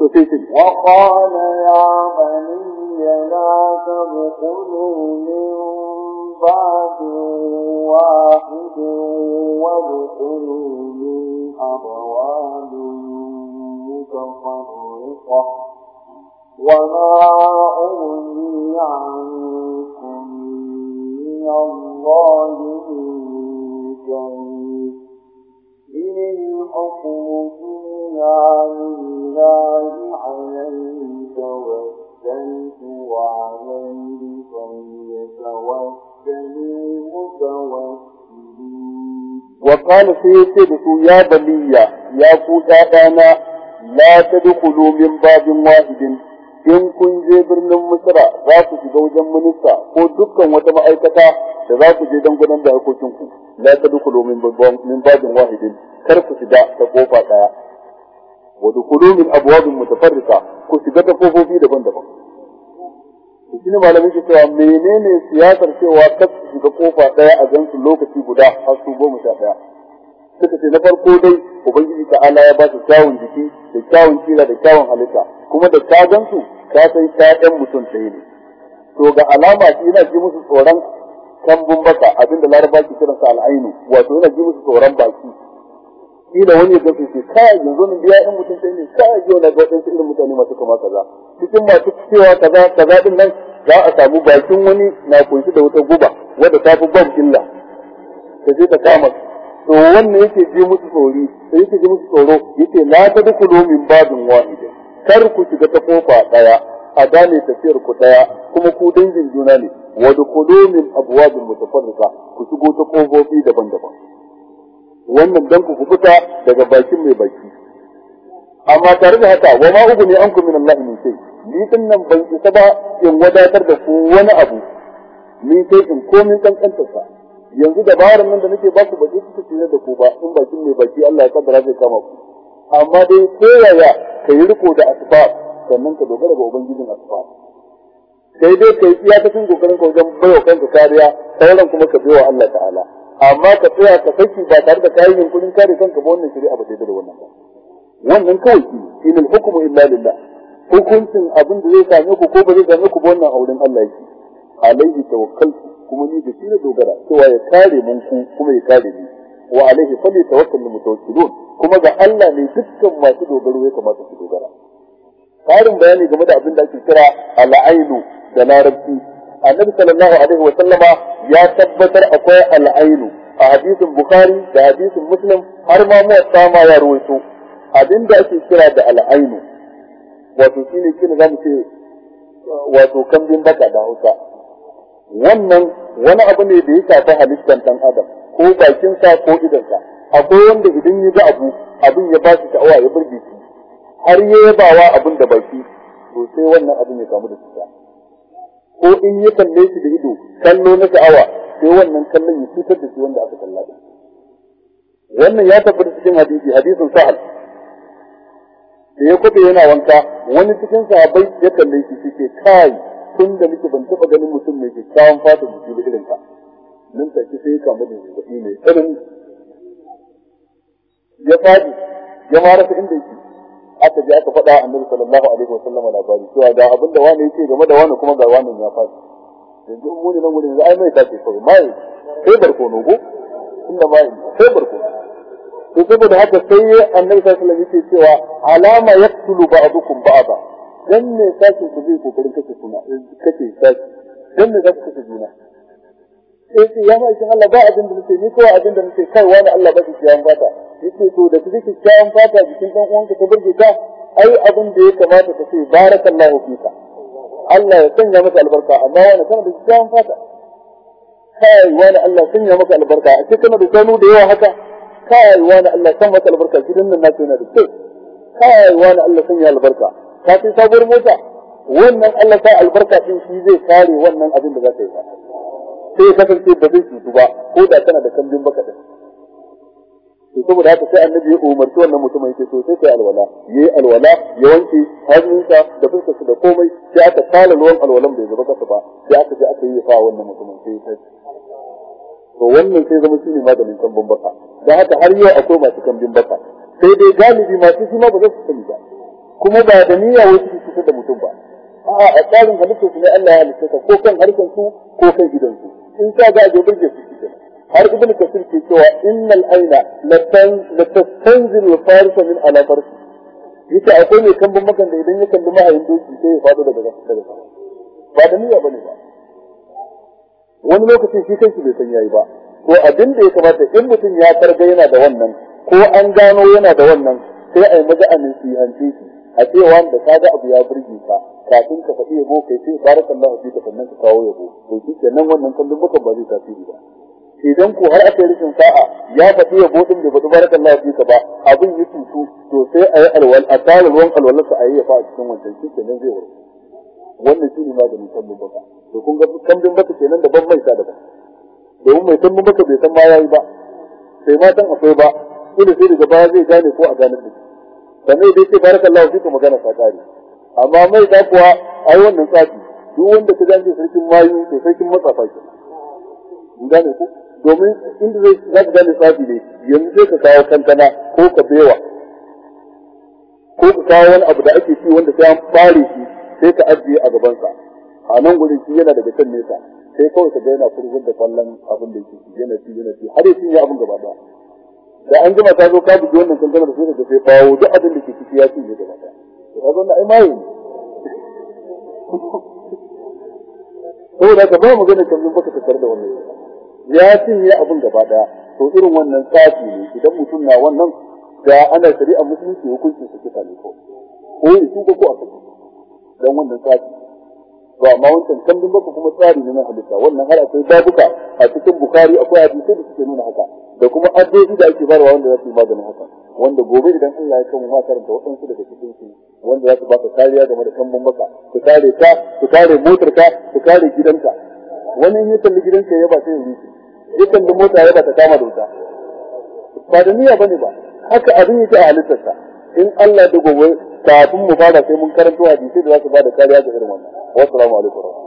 وقال يا بني لا تدخلوا من باب واحد وادخلوا من أبواب متفرقة وما أغني عنكم من الله من شيء إن حكمكم إلا يعني الله عليه توكلت وعليه فليتوكل المتوكلون وقال سيدك يا بني يا كوتا لا تدخلوا من باب واحد in kun je birnin Misra za ku shiga wajen minista ko dukkan wata ma'aikata da za ku je don gudanar da la min babin wahidin kar ku shiga ta kofa daya wa dukulu min abwabin mutafarrika ku shiga ta kofofi daban-daban shi malamin ke cewa menene siyasar cewa kar shiga kofa daya a gansu lokaci guda har su goma sha daya suka ce na farko dai ubangiji ta ala ya ba su kyawun jiki da kyawun kila da kyawun halitta kuma da ta gansu ka san 'yan mutum ɗaya ne to ga alama shi yana ji musu tsoron kan baka abinda laraba ke kiransa al'ainu wato yana ji musu tsoron baki ila wani ga su ce kai yanzu ni biya in mutum sai ne kai yau na ga wadansu irin mutane masu kama kaza cikin masu cewa kaza kaza din nan za a samu bakin wani na kunshi da wata guba wadda ta fi bam illa ta je ta kama to wannan yake ji musu tsori sai yake ji musu tsoro yake la duku min babin wahida kar ku shiga ta kofa daya a gane tafiyar ku daya kuma ku dangin juna ne wa dukhulu min abwabin mutafarriqa ku shigo ta kofofi daban-daban wannan dan ku kubuta daga bakin mai baki amma tare da haka wa ma an ku min Allah min sai ni din nan ban isa ba in wadatar da ku wani abu ni sai in komin kankanta sa yanzu dabarar nan da nake ba ku ba ku kuka da ku ba in bakin mai baki Allah ya kaddara zai kama ku amma dai koyaya ka yi riko da asbab sannan ka dogara ga ubangijin asbab sai dai sai yi iyakacin kokarin ka wajen bayo kanka kariya sauran kuma ka biyo Allah ta'ala amma ka tsaya ka saki ba tare da kayan yunkurin kare kanka ba wannan shari'a ba daidai da wannan ba wannan kawai shi in al-hukmu illa lillah hukuncin abin da zai same ku ko ba zai same ku ba wannan auren Allah yake alaihi tawakkal kuma ni da shi na dogara cewa ya kare mun ku kuma ya kare ni wa alaihi fali mu mutawakkilun kuma ga Allah ne dukkan masu dogaro ya kamata su dogara karin bayani game da abin da ake kira al da larabci annabi sallallahu alaihi wa sallama ya tabbatar akwai al'ainu a hadisin bukhari da hadisin muslim har ma mu sama ya ruwaito abinda ake kira da al'ainu wato shine kina zamu ce wato kambin baka da Hausa wannan wani abu ne da ya shafi halittar dan adam ko bakinsa ko idonsa akwai wanda idan ya ga abu abin ya ba shi sha'awa ya burge shi har ya yabawa abin da baki to sai wannan abin ya kamu da cuta ko in ya kalle shi da ido kallo na sha'awa sai wannan kallon ya cutar da shi wanda aka kalla wannan ya tabbata cikin hadisi hadisin sahal da ya kwabe yana wanka wani cikin sahabai ya kalle shi shi ke kai tun da nake ban taɓa ganin mutum mai kyakkyawan fatan mutum da irin ka nan take sai ya kamu da zazzaɓi mai tsanani ya faɗi ya mara ta inda yake aka je aka faɗa annabi sallallahu alaihi wa sallama labari cewa ga abin da wani yake game da wani kuma ga wani ya faɗi yanzu mu ne nan gurin yanzu ai mai tafi kawai mai sai barkono ko inda mai sai barkono to saboda haka sai annabi sallallahu alaihi wasallam yake cewa alama yaqtulu ba'dukum ba'da dan ne sakin ku zai kokarin kace suna eh, kace sakin dan ne zaka kace juna sai ce ya ma'aikin Allah ba abin da nake ni kawai abin da nake kaiwa da Allah ba ki kiyan fata yace to da kike kiyan fata jikin dan uwanka ta burge ka ai abin da ya kamata ka ce barakallahu fika Allah ya sanya maka albarka amma wani kana da kiyan fata kai wani Allah sanya maka albarka a cikin da sanu da yawa haka kai wani Allah san maka albarka gidan nan yana da kai wani Allah sanya albarka ka sabuwar mota wannan Allah sa albarka din shi zai kare wannan abin da za ka yi sai ya kasance ba zai cutu ba ko da kana da kambin baka din to saboda haka sai annabi ya umarci wannan mutumin yake so sai kai alwala yayi alwala ya wanke hannunsa da fuskarsa da komai sai aka tsala ruwan alwalan bai zuba kasa ba sai aka je aka yi fa wannan mutumin sai ya to wannan sai zama shi ne maganin kambin baka dan haka har yau akwai masu kambin baka sai dai galibi masu shi ma ba za su sani ba kuma ba da niyya wasu su cutar da mutum ba a'a a tsarin halittar su ne Allah ya halitta ko kan harkar su ko kan gidansu in ka ga ga burge su kike har ibn kasir ke cewa innal aina la tan la tastanzil farsa min ala farsi yace akwai mai kambun makan da idan ya kalli mahayin doki sai ya faɗo daga daga ba da niyya bane ba wani lokacin shi kanshi bai san yayi ba ko abin da ya kamata in mutum ya karga yana da wannan ko an gano yana da wannan sai a yi maza a nasihanci shi a cewa da ka ga abu ya burge ka kafin ka faɗi yabo kai sai barakallahu fika sannan ka kawo yabo to shi kenan wannan kallon mukan ba zai tasiri ba idan ko har aka yi rikin sa'a ya faɗi yabo din da faɗi barakallahu fika ba abin ya tutu to sai a yi alwal a tare ruwan alwalarsa a yi yafa a cikin wancan shi kenan zai warke wannan shi ne maganin kallon baka to kun ga kallon baka kenan da ban mai sa da Ba domin mai kallon baka bai san ma ya yi ba sai ma san akwai ba ina sai daga baya zai gane ko a gane da shi kamar da yake fi ku magana ta kare amma mai da kuwa ai wannan tsafi duk wanda ka gane sarkin mayu to sarkin matsafa ke mun gane ku domin inda zai za ka gane tsafi ne yanzu sai ka kawo kankana ko ka bewa ko ka kawo wani abu da ake ci wanda sai an fare shi sai ka ajiye a gabansa a nan gurin shi yana daga kan nesa sai kawai ka ga yana furzar da kallon abin da yake ci yana ci yana ci har ya cinye abin gaba daya da an jima ta zo ka buge wannan kankanar sai da sai bawo duk abin da ke ciki ya ne da mata to ka zo na ai to saboda ka ba mu ganin kanzon baka tattar da wannan ya ne abin gaba daya to irin wannan tsafi ne idan mutum na wannan da ana shari'a musulunci hukuncin su kisa ne ko ko yi su ko a kai dan wannan tsafi to amma wancan kanzon baka kuma tsari ne na halitta wannan har akwai babuka a cikin bukari akwai hadisi da suke nuna haka da kuma addu'o'i da ake barwa wanda za magana yi haka wanda gobe idan Allah ya kama matar da waɗansu daga cikin su wanda za su baka kariya game da kambun baka su kare ka su kare motar ka su kare gidanka wani in ya kalli gidanka ya ba sai ya shi ya kalli mota ya ba ta kama da wuta ba da niyya bane ba haka abin yake a halittarsa in Allah da gobe kafin mu fara sai mun karanto hadisi da za su ba da kariya ga irin wannan wassalamu alaikum